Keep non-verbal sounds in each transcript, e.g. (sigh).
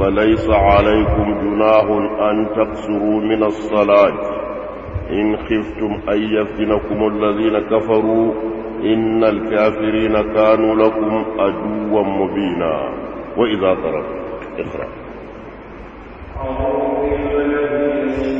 فليس عليكم جناح أن تقصروا من الصلاة إن خفتم أن يفتنكم الذين كفروا إن الكافرين كانوا لكم عدوا مبينا وإذا ضربت اقرأ أعوذ بالله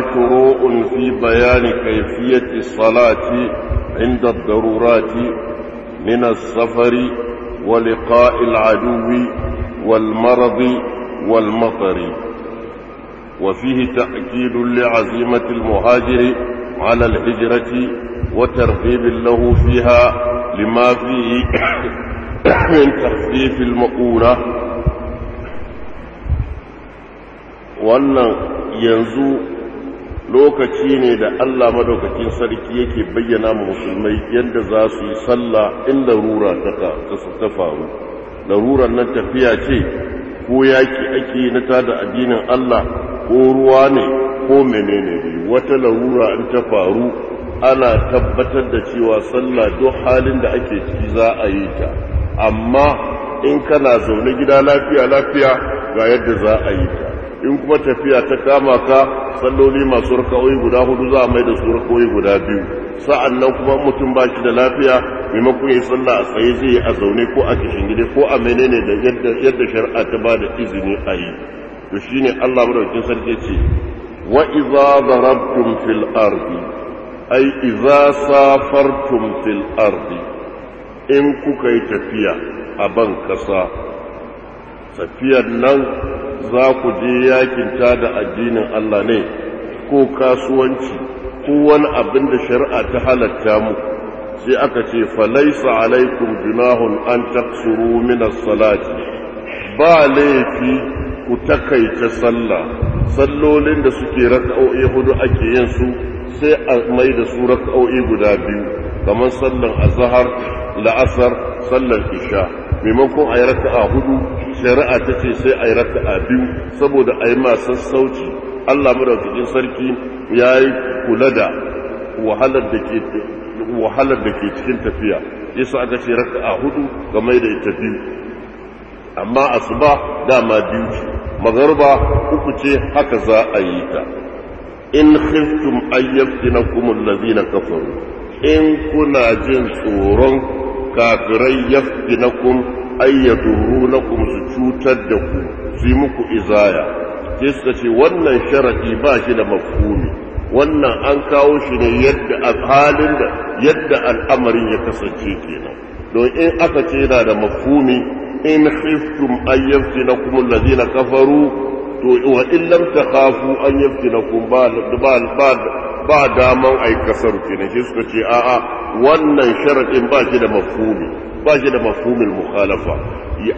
شروع في بيان كيفية الصلاة عند الضرورات من السفر ولقاء العدو والمرض والمطر وفيه تأكيد لعزيمة المهاجر على الهجرة وترغيب له فيها لما فيه (coughs) من تخفيف المؤونة وأن ينزو lokaci ne da Allah madaukakin sarki yake bayyana mu musulmai yadda za su yi sallah in larura ta faru laruran nan tafiya ce ko yaki ake na tada addinin Allah ko ruwa ne ko menene ne wata larura in ta faru ana tabbatar da cewa sallah duk halin da ake ciki za a yi ta amma in kana zaune gida lafiya lafiya ga yadda za a yi ta in kuma tafiya ta kama ka salloli masu raka'o'i guda hudu za a mai da su raka'o'i guda biyu sa'an nan kuma mutum ba shi da lafiya maimakon ya sallah a tsaye zai yi a zaune ko a kishin gida ko a menene da yadda shari'a ta ba da izini a yi to shi ne Allah maraukin sarki ce wa idza darabtum fil ardi safartum fil ardi in kuka yi tafiya a ban kasa tafiyar nan za ku je yakin ta da addinin Allah ne ko kasuwanci ko wani abin da shari'a ta halatta mu sai aka ce falaisa alaikum junahun an taksuru min as-salati ba laifi ku takaita sallah sallolin da suke raka'o'i hudu ake yin su sai a mai da su raka'o'i guda biyu kamar sallan azhar la'asar sallan isha maimakon a yi raka'a hudu shari'a ta ce sai a yi raka'a biyu saboda a yi masu sauci allah madaukakin sarki ya yi kula da wahalar da ke cikin tafiya yasa aka ce raka'a hudu ga da ita biyu amma asuba dama biyu ce magarba uku ce haka za a yi ta in khiftum kuma allazina kafaru in kuna jin tsoron kafirai na kun su cutar da ku su yi muku izaya sai suka ce wannan sharadi ba shi da mafuni wannan an kawo shi ne yadda halin da yadda al'amarin ya kasance kenan don in aka ce yana da mafuni in khiftum kuma alladhina kafaru to wa in lam an yaftinakum ba ba daman ai kasar kenan shi suka ce a'a wannan sharadin ba shi da mafhumi ba shi da mafumin mukhalafa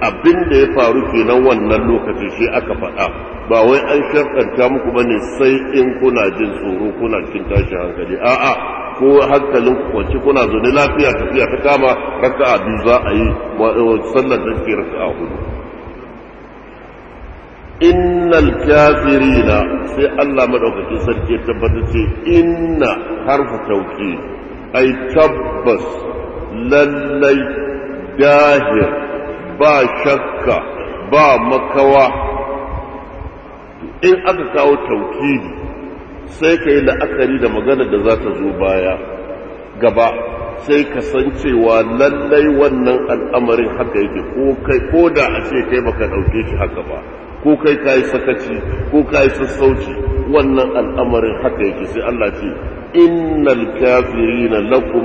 abin da ya faru kenan wannan lokacin shi aka faɗa ba wai an sharɗanta muku bane sai in kuna jin tsoro kuna cikin tashi hankali a'a ko hankalin ku kwanci kuna zaune lafiya tafiya ta kama raka'a biyu za a yi sallar da ke raka'a hudu innal kafirina sai Allah madaukakin sarki ya tabbata ce inna harfu tauki ai tabbas lallai dahir ba shakka ba makawa in aka kawo tauki sai ka yi la'akari da magana da za ta zo baya gaba sai ka san cewa lallai wannan al'amarin haka yake ko da a ce kai baka ɗauke shi haka ba ko kai kayi sakaci ko kayi sassauci wannan al'amarin haka yake sai Allah ce innal kafirina lakum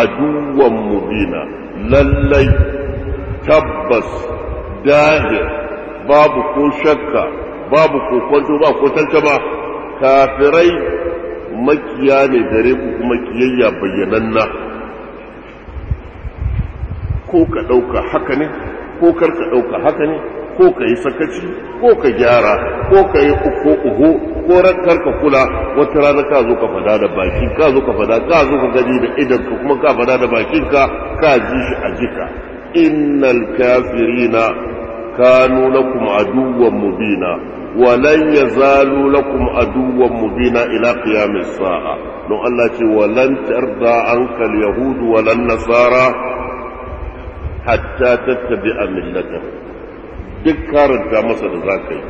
aduwwan mubina lallai tabbas dahir babu ko shakka babu ko kwanto ba ko tantama kafirai makiya ne gare ku kuma kiyayya bayyananna ko ka ɗauka haka ne ko kar ka ɗauka haka ne ko ka yi sakaci ko ka gyara ko ka yi uku uku ko rakkar ka kula wata rana ka zo ka fada da baki ka zo ka fada ka zo ka gani da idan ka kuma ka fada da bakin ka ka ji shi a jika innal kafirina kanu lakum aduwwan mubina wa lan yazalu lakum aduwwan mubina ila qiyamis sa'a don Allah ce wa lan tarda anka al-yahud wa lan nasara hatta tattabi'a millatahum duk karanta masa da za ka yi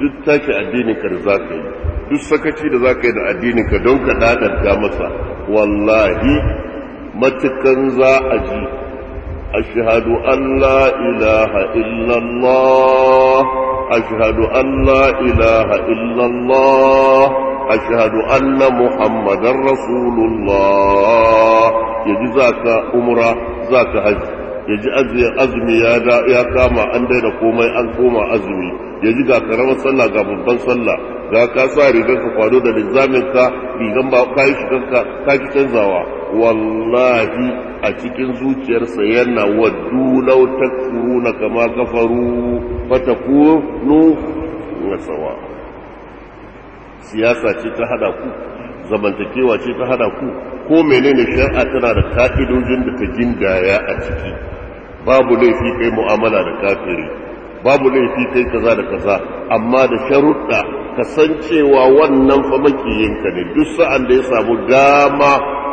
duk tashi addininka da za ka yi duk sakaci da za ka yi da addininka don ka ɗaɗanta masa wallahi matukan za a ji ashhadu an la ilaha illallah ashhadu an la ilaha illallah ashhadu anna muhammadan rasulullah yaji za ka umra za ka hajji ya ji azumi ya kama an daina komai an koma azumi ya ji ga karamar sallah ga babban sallah ga ka sa rigar ka kwado da lizamin ka rigan ba ka yi shigar ka ki canzawa wallahi a cikin zuciyarsa yana waddu law na kama kafaru na sawa siyasa ce ta hada ku zamantakewa ce ta hada ku ko menene shari'a tana da ka'idojin da ta gindaya a ciki babu laifi kai mu'amala da kafiri babu laifi kai kaza da kaza amma da sharuɗa cewa wannan fa makiyinka ne duk sa'an da ya samu dama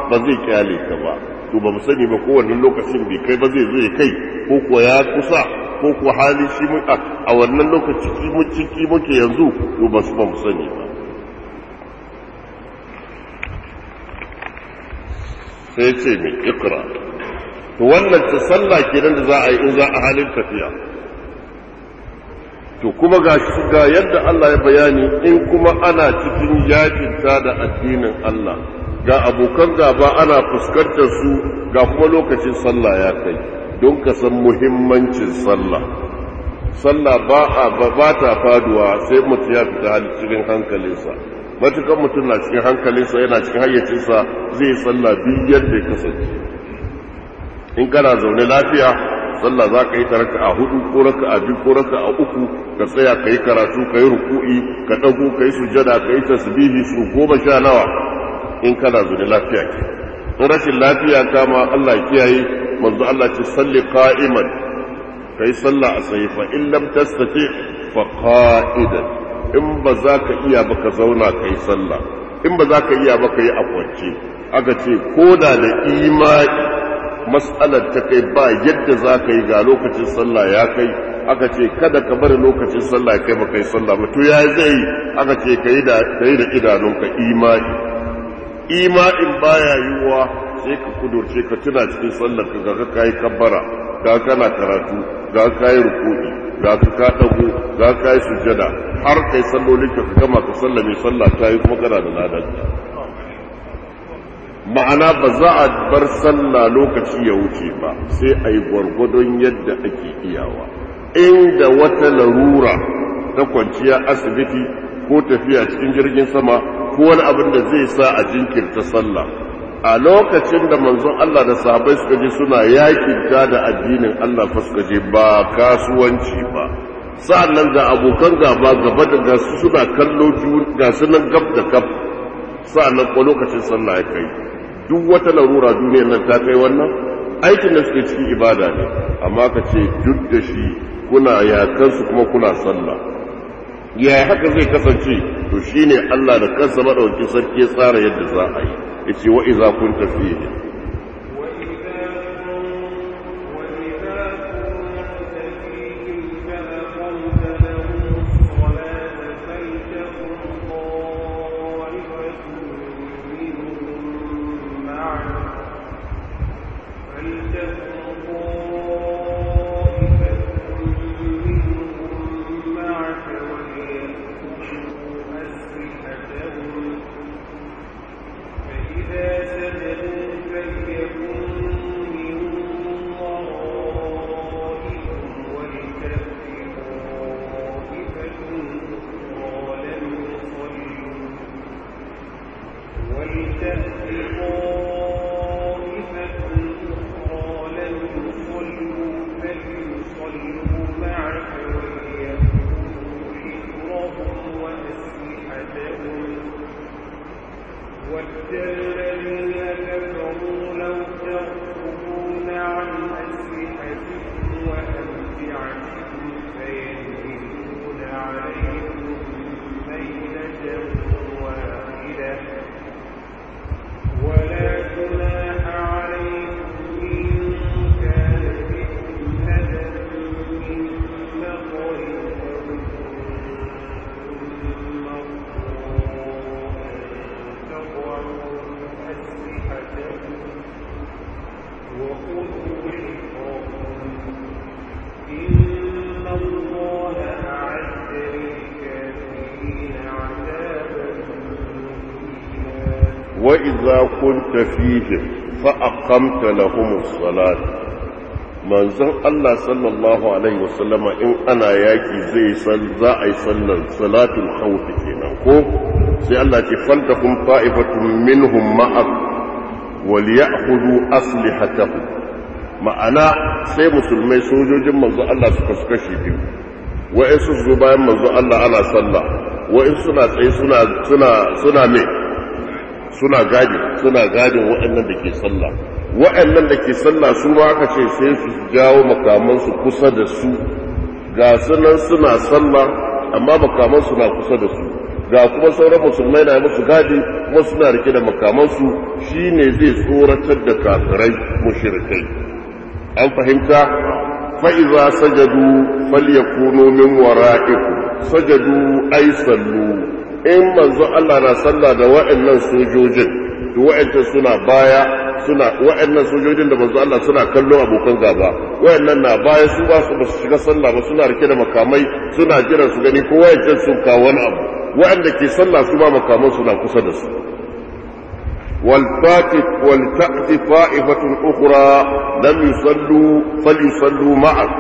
ba zai kyale ka ba to ba mu sani ba kowanne lokacin bai kai ba zai zo ya kai ko kuwa ya kusa ko kuwa hali shi a wannan lokaci ciki muke yanzu to ba su ba mu sani ba sai ce mai ikra to wannan ta sallah kenan da za a yi in za a halin tafiya to kuma ga ga yadda Allah ya bayani in kuma ana cikin yakinta da addinin Allah ga abokan gaba ana fuskantar su ga kuma lokacin sallah ya kai don ka san muhimmancin sallah sallah ba a ba ta faduwa sai mutum ya fita cikin hankalinsa matukan mutum na cikin hankalinsa yana cikin hayyacinsa zai sallah biyu yadda ya kasance in kana zaune lafiya sallah za ka yi ta raka a hudu ko raka a biyu ko raka a uku ka tsaya ka yi karatu ka yi ruku'i ka ɗago ka yi sujada ka yi tasbihi su goma sha nawa in kana zaune lafiya ke in rashin lafiya ma Allah kiyaye manzo Allah ce salli ka yi sallah a tsaye fa in lam tastati fa qa'idan in ba za ka iya ba ka zauna ka yi sallah in ba za ka iya ba ka yi a aka ce ko da da imani mas'alar ta kai ba yadda za ka yi ga lokacin sallah ya kai aka ce kada ka bari lokacin sallah kai ba kai sallah ba to ya zai aka ce ka yi da idanunka imani Ima'in baya yiwuwa sai ka kudurce ka tuna cikin sallar ka ga ka yi kabbara ga kana karatu ga ka yi rukuni ga ka dago ga ka yi sujada har kai sallolin ka gama ka sallame sallah ta yi kuma kana da ladan ma'ana ba za a bar sallah lokaci ya wuce ba sai a yi gwargwadon yadda ake iyawa inda wata larura ta kwanciya asibiti ko tafiya cikin jirgin sama ko wani abin da zai sa a jinkirta sallah a lokacin da manzon Allah da sahabbai suka je suna yakin da addinin Allah fa suka je ba kasuwanci ba sa'an nan ga abokan gaba gaba da gasu suna kallo ga gasu nan gab da gab sa'an nan ko lokacin sallah ya kai duk wata larura duniyar nan ta kai wannan aikin da suke cikin ibada ne amma ka ce duk da shi kuna yakansu kuma kuna sallah ya haka zai kasance to shine Allah da kansa madaukakin sarki ya tsara yadda za a yi ce, wa iza kun tafiye idza kunta fihi fa aqamta lahum as-salat manzon Allah sallallahu alaihi wasallama in ana yaki zai san za a yi sallar salatul khawf kenan ko sai Allah ce faltakum ta'ifatun minhum Waliya hudu asli aslihatahum ma'ana sai musulmai sojojin manzo Allah suka suka shi biyu wa'insu su bayan manzo Allah ana sallah wa'insu suna tsaye suna suna suna gadi suna gadin waɗannan da ke sallah waɗannan da ke sallah su ma aka ce sai su jawo makamansu kusa da su ga sunan suna sallah amma makamansu na kusa da su ga kuma sauran musulmai na musu gadi kuma suna rike da makamansu shine zai tsoratar da kafirai mushrikai an fahimta fa'iza sajadu falyakunu min waraiku sajadu ay sallu in manzo Allah na sallah da wa'annan sojojin da wa'annan suna baya suna wa'annan sojojin da manzo Allah suna kallo abokan gaba wa'annan na baya su ba su shiga sallah ba suna rike da makamai suna jira su gani ko wa'annan sun kawo wani abu wa'anda ke sallah su ba makaman suna kusa da su والفاتف والتأت طائفة أخرى لم يصلوا فليصلوا معك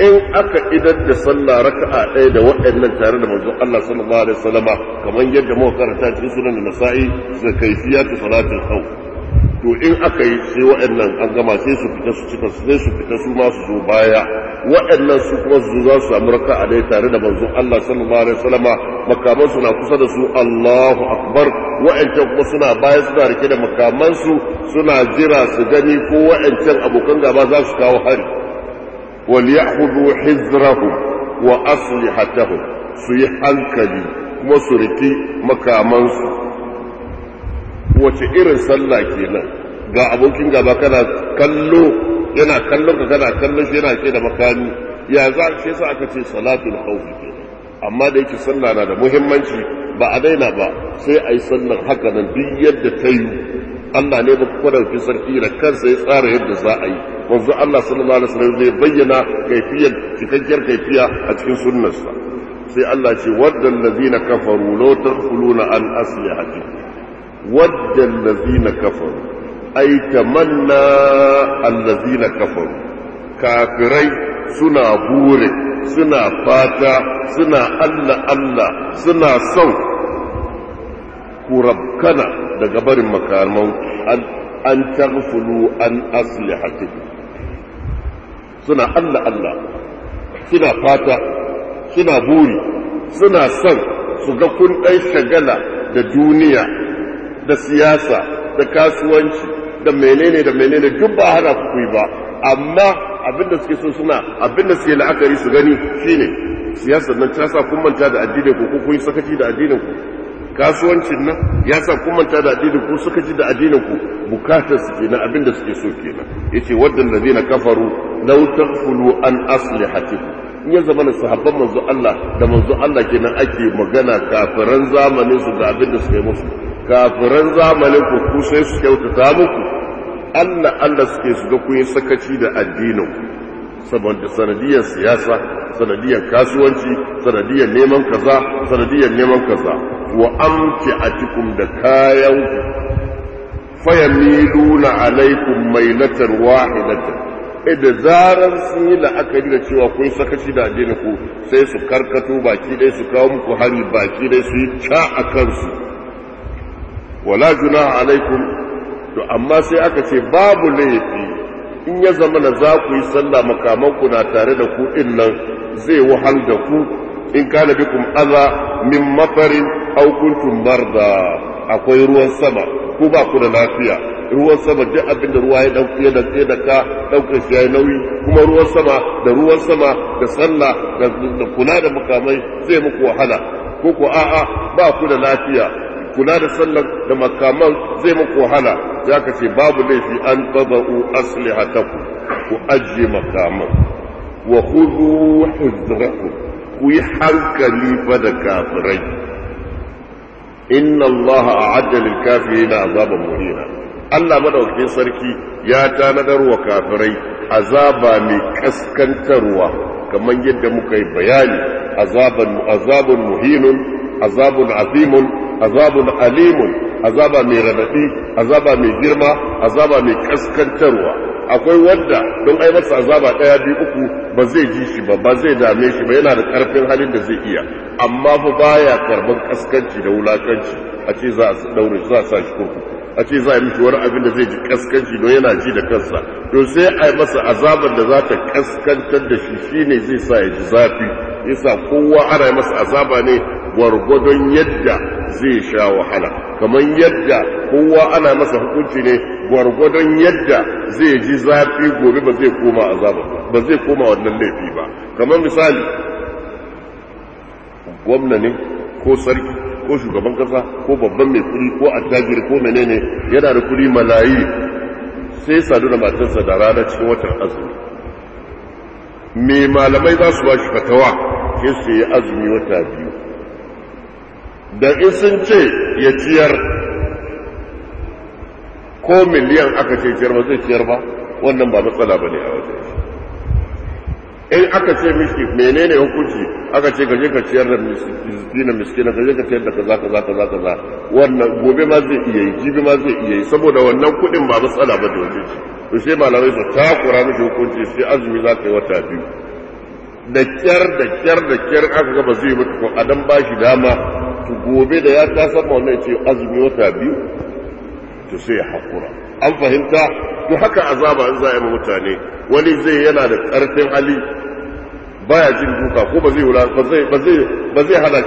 in aka idar da sallah raka'a ɗaya da waɗannan tare da manzon Allah sallallahu alaihi wasallama kamar yadda muka karanta cikin sunan Nasa'i da kaifiyatu salatul khawf to in aka yi sai waɗannan an gama sai su fita su cika sai su fita su ma su zo baya waɗannan su kuma su za su samu raka'a ɗaya tare da manzon Allah sallallahu alaihi wasallama makaman suna kusa da su Allahu akbar waɗancan kuma suna baya suna rike da makaman su suna jira su gani ko waɗancan abokan gaba za su kawo hari وليأخذوا حذرهم وأسلحتهم سي hankali kuma su riki makamansu wace irin sallah kenan ga abokin gaba kana kallo yana kallon ka kana kallon shi yana ke da makami ya za shi yasa aka ce salatul khawf amma da yake sallah na da muhimmanci ba a daina ba sai a yi sallar haka nan duk yadda ta yi Allah ne ba kwadauki sarki da kansa ya tsara yadda za a yi wanzu Allah sallallahu alaihi wasallam zai bayyana kaifiyar cikakkiyar kaifiya a cikin sunnarsa sai Allah ce waddal ladina kafaru la tadkhuluna an aslihati waddal ladina kafaru ay tamanna allazina kafaru kafirai suna bure suna fata suna Allah Allah suna son ku rabkana daga barin makaman an tarfulu an aslihatikum suna Allah Allah suna fata suna buri suna son su ga kun shagala da duniya da siyasa da kasuwanci da menene da menene duk ba hana ku ba amma abinda suke so suna abinda suke la'akari su gani shine siyasar nan ta sa kun manta da addinin ku ko kun yi sakaci da addinin ku kasuwancin nan ya sa kun manta da addinin ku suka ji da addinin ku bukatar su na abin da suke so ke kenan yace waddan ladina kafaru wutar taghfulu an aslihatikum in ya zama na sahabban manzo Allah da manzo Allah ke nan ake magana kafiran zamanin su da abin da suke musu kafiran zamanin ku ku sai su kyautata muku Allah Allah suke su ga ku yi sakaci da addinin ku saboda sanadiyar siyasa sanadiyar kasuwanci sanadiyar neman kaza sanadiyar neman kaza wa a atikum da kayan fayamiluna alaikum mailatan wahidatan eh, da zarar sun yi la'akari da cewa kun saka shi da addini ku sai su karkato baki dai su kawo muku hari baki dai su yi ca a kansu wala juna alaikum to amma sai aka ce babu laifi in ya zama na za ku yi sallah makamanku na tare da ku din nan zai wahal da ku in kana bikum aza min mafari aw kuntum marda akwai ruwan sama ku ba ku da lafiya ruwan sama duk da ruwa ya dauke da ke da ka dauke shi yayi nauyi kuma ruwan sama da ruwan sama da sallah da kula da makamai zai muku wahala ko ko a'a ba ku da lafiya kula da sallar da makaman zai muku wahala za ka ce babu laifi an taba'u aslihataku ku ajiye makaman wa khudhu hizrakum ku yi hankali fa da kafirai inna allaha a'adda lil kafirina azaba muhina Allah madaukakin sarki ya tanadar wa kafirai azaba mai kaskantarwa kamar yadda muka yi bayani azaban azabun muhinun azabun azimun azabun alimun azaba mai radadi azaba mai girma azaba mai kaskantarwa akwai wanda don ai masa azaba ɗaya biyu uku ba zai ji shi ba ba zai dame shi ba yana da karfin halin da zai iya amma fa baya karban kaskanci da wulakanci a ce za a daure za a sa shi kurkuku a ce za a yi mishi wani abin da zai ji kaskanci don yana ji da kansa to sai a masa azabar da za ta kaskantar da shi shine zai sa ya ji zafi yasa kowa ana masa azaba ne gwargwadon yadda zai sha wahala kamar yadda kowa ana masa hukunci ne gwargwadon yadda zai ji zafi gobe ba zai koma azaba ba zai koma wannan laifi ba kamar misali gwamna ko sarki ko shugaban kasa ko babban mai kuri ko attajiri ko menene yana da kuri malayi sai sadu da matarsa da rana cikin watan azumi me malamai za su ba shi fatawa sai su yi azumi wata biyu da isin ce ya ciyar ko miliyan aka ce ciyar ba zai ciyar ba wannan ba matsala ba ne a wajen shi in aka ce miski menene hukunci aka ce ka je ka ciyar da miskina miskina ka je ka ciyar da kaza kaza kaza kaza wannan gobe ma zai iya yi jibi ma zai iya yi saboda wannan kuɗin ba matsala ba da wajen shi to sai malamai su takura miki hukunci sai azumi za ka yi wata biyu da kyar da kyar da kyar aka gaba zai mutu ko adam ba shi dama to gobe da ya ta saba wannan ce azumi wata biyu to sai ya hakura an fahimta to haka azaba in za a yi mutane wani zai yana da karfin hali baya jin duka ko ba zai wula ba zai ba zai ba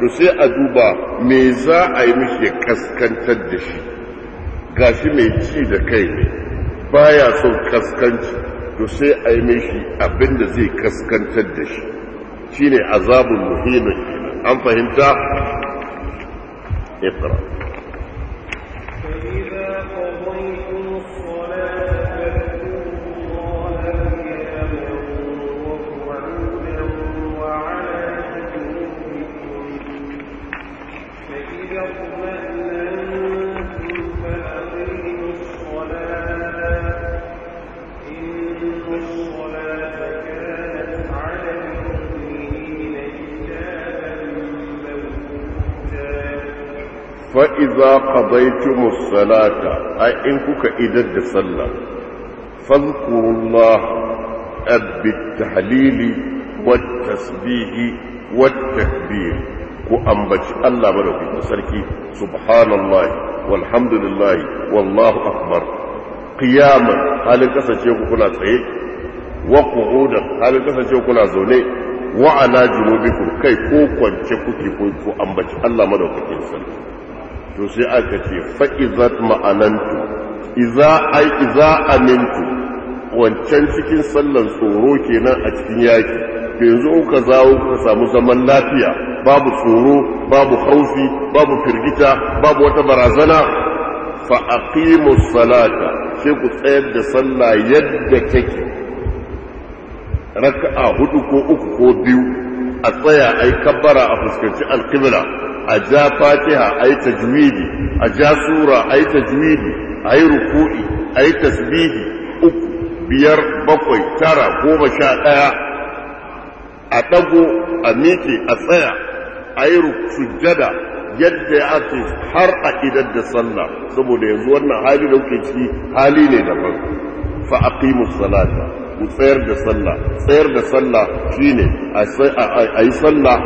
to sai a duba me za a yi mishi ya kaskantar da shi gashi mai ci da kai baya son kaskanci to sai a yi mishi abinda zai kaskantar da shi shine azabun muhimmin an fahimta iqra fa'iza ƙabaitumus salata ai in kuka idar da sallah fazkurullah abitahlili wattasbihi wattakbir ku ambaci Allah madaukakin sarki subhanallah walhamdulillah wallahu akbar qiyaman halin kasance ku kuna tsaye wa qu'udan halin kasance ku kuna zaune wa ala junubikum kai ko kwance kuke ko ku ambaci Allah madaukakin sarki to sai aka ce fa'izat ma'anantu iza ai iza amintu wancan cikin sallan tsoro kenan a cikin yaki yanzu ka zawo ka samu zaman lafiya babu tsoro babu haufi babu firgita babu wata barazana fa aqimu salata sai ku tsayar da sallah yadda kake raka'a hudu ko uku ko biyu a tsaya ai kabbara a fuskanci alqibla a ja fatiha a yi tajwidi a ja sura a yi tajwidi a yi ruku'i a yi tasbihi uku biyar bakwai tara goma sha ɗaya a ɗago a miƙe a tsaya a yi sujjada yadda ya ake har a idan da sallah saboda yanzu wannan hali da kuke ciki hali ne daban fa aqimu salata ku tsayar da sallah tsayar da sallah shine a yi sallah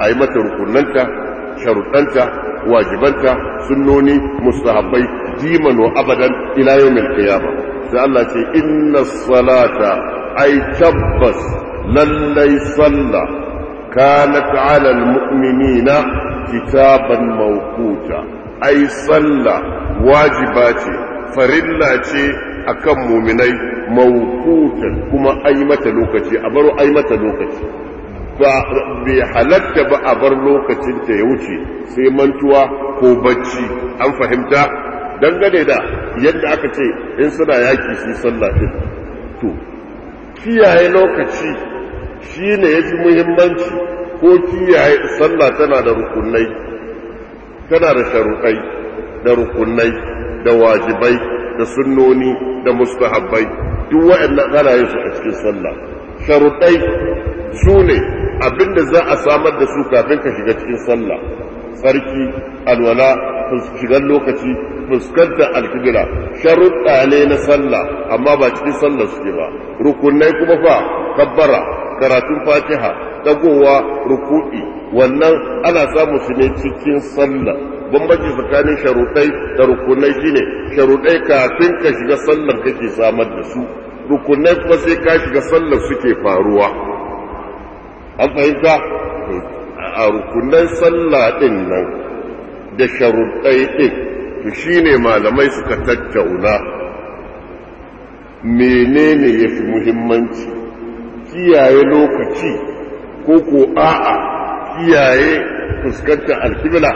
a yi mata rukunanta sharuɗanta wajibanta sunnoni mustahabbai diman wa abadan ila yawmil qiyama sai Allah ce inna salata ay tabbas lallai salla kanat ala almu'minina kitaban mawquta ay salla wajiba ce farilla ce akan muminai mawqutan kuma ai mata lokaci a baro ai mata lokaci ba bai halatta ba a bar lokacin ta ya wuce sai mantuwa ko bacci an fahimta dangane da yadda aka ce in suna yaki su sallah din to kiyaye lokaci shine yafi muhimmanci ko kiyaye sallah tana da rukunai tana da sharuɗai da rukunai da wajibai da sunnoni da mustahabbai duk waɗannan ana yin su a cikin sallah sharuɗai su ne abinda za a samar da su kafin ka shiga cikin sallah sarki alwala shigar lokaci fuskantar alkibira sharuɗa ne na sallah amma ba cikin sallah suke ba rukunai kuma fa kabbara karatun fatiha dagowa ruku'i wannan ana samu su ne cikin sallah bambanci tsakanin sharuɗai da rukunai shine sharuɗai kafin ka shiga sallar kake samar da su rukunai kuma sai ka shiga sallar suke faruwa an fahimta a rukunan sallah din nan da sharuɗai ɗin to shine malamai suka tattauna menene fi muhimmanci kiyaye lokaci ko ko a'a kiyaye fuskantar alkibla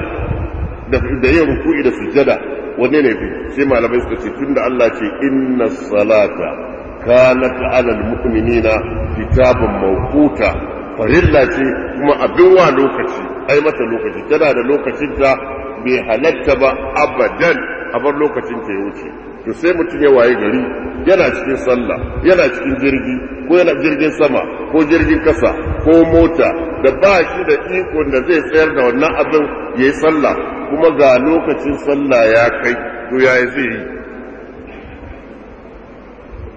da yin ruku'i da sujjada wanne ne fi sai malamai suka ce tun da Allah ce inna salata kanat ala almu'minina kitabun mawquta farilla ce kuma abin wa lokaci ai mata lokaci tana da lokacin ta bai halatta ba abadan a bar lokacin ta ya wuce to sai mutum ya waye gari yana cikin sallah yana cikin jirgi ko yana jirgin sama ko jirgin kasa ko mota da ba shi da ikon da zai tsayar da wannan abin ya yi sallah kuma ga lokacin sallah ya kai to ya zai yi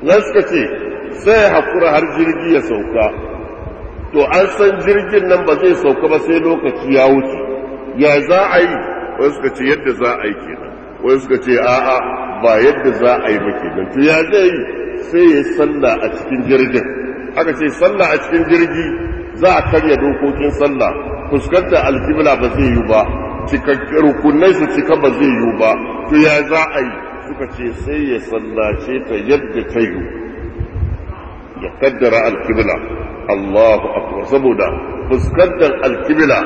zai suka ce sai hakura har jirgi ya sauka to an san jirgin nan ba zai sauka ba sai lokaci ya wuce ya za a yi wani suka ce yadda za a yi nan, wani suka ce a'a ba yadda za a yi ba ke nan, to ya zai yi sai ya sallah a cikin jirgin aka ce sallah a cikin jirgi za a karya dokokin sallah fuskanta alkibla ba zai yi ba cikakken rukunai su cika ba zai yi ba to ya za a yi suka ce sai ya sallace ta yadda ta yi ya kaddara alkibla Allahu akbar saboda fuskantar alkibila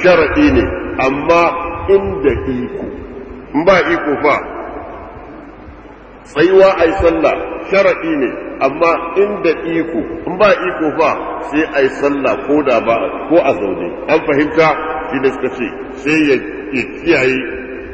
shar'i ne amma inda iko in ba iko fa tsayuwa yi sallah shar'i ne amma inda iko in ba iko fa sai yi sallah ko da ba ko a zaune an fahimta shi da suka ce sai ya kiyaye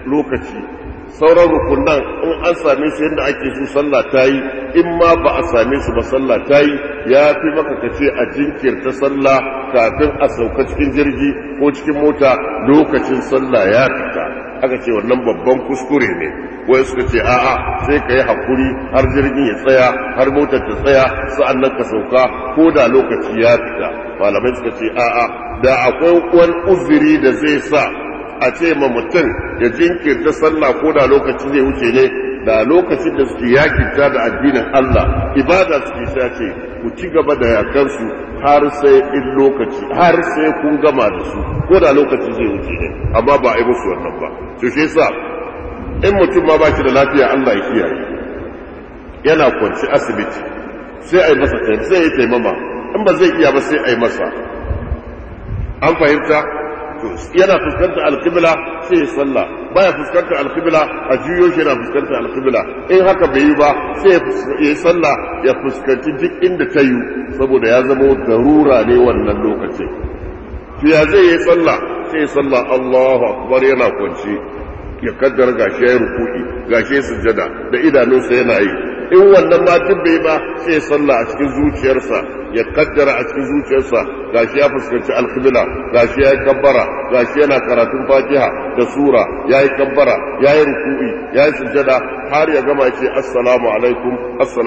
lokaci sauran rukunan in an same su yadda ake su sallah ta yi in ma ba a same su ba sallah ta yi ya fi maka ka ce a jinkirta sallah kafin a sauka cikin jirgi ko cikin mota lokacin sallah ya fita aka ce wannan babban kuskure ne wai suka ce a'a sai ka yi hakuri har jirgin ya tsaya har motar ta tsaya sa'an nan ka sauka ko da lokaci ya fita malamai suka ce a'a da akwai wani uzuri da zai sa a ce ma mutum ya jinkirta sallah ko da lokaci zai wuce ne da lokacin da suke yakinta da addinin Allah ibada suke sa ce ku ci gaba da yakansu har sai in lokaci har sai kun gama da su ko da lokaci zai wuce ne amma ba a yi musu wannan ba to shi yasa in mutum ma ba da lafiya Allah ya kiyaye yana kwanci asibiti sai a yi masa sai ya taimama in ba zai iya ba sai a yi masa an fahimta to yana fuskantar alqibla sai ya sallah baya fuskantar alqibla a juyo shi yana fuskantar alqibla in haka bai yi ba sai ya sallah ya fuskanci duk inda ta yi saboda ya zama darura ne wannan lokacin to ya zai yi sallah sai ya sallah Allahu akbar yana kwance ya kaddara gashi ya ruku'i gashi sujada da idanunsa yana yi in wannan matin bai ba sai sallah a cikin zuciyarsa ya kaddara a cikin zuciyarsa gashi ya fuskanci ga gashi ya kabbara gashi yana karatun fatiha da sura yayi kabbara yayi ruku'i yayi sujada har ya gama ce assalamu alaikum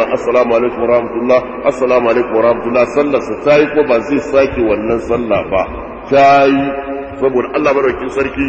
assalamu alaikum rahmatullah assalamu alaikum rahmatullah sallar sa tayi ko ba zai sake wannan sallah ba tayi saboda Allah madaukakin sarki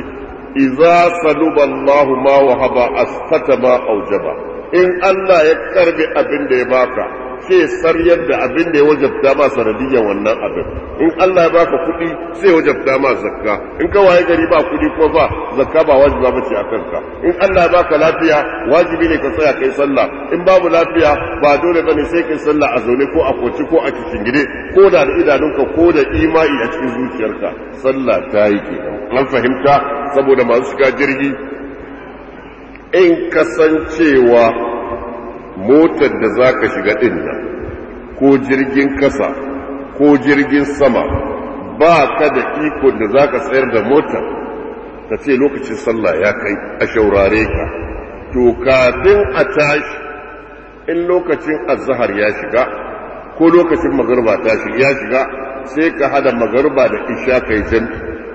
idza saluba Allahu ma wahaba asfata ma aujaba in Allah ya karbe abin da ya baka sai saryar da abin da ya wajabta ma sanadiyan wannan abin in Allah ya baka kuɗi sai wajabta ma zakka in ka waye gari ba kuɗi ko ba zakka ba wajiba ba ce a kanka in Allah ya baka lafiya wajibi ne ka tsaya kai sallah in babu lafiya ba dole bane sai kai sallah a zaune ko a koci ko a cikin gide ko da da idanunka ko da imani a cikin zuciyarka sallah ta yi kenan an fahimta saboda masu shiga jirgi in kasancewa motar da za ka shiga ɗin nan ko jirgin kasa ko jirgin sama ba ka da iko da za ka tsayar da motar ta ce lokacin sallah ya kai a shaurare ka to kafin a tashi in lokacin azahar ya shiga ko lokacin magarba ta ya shiga sai ka hada magarba da isha kai jan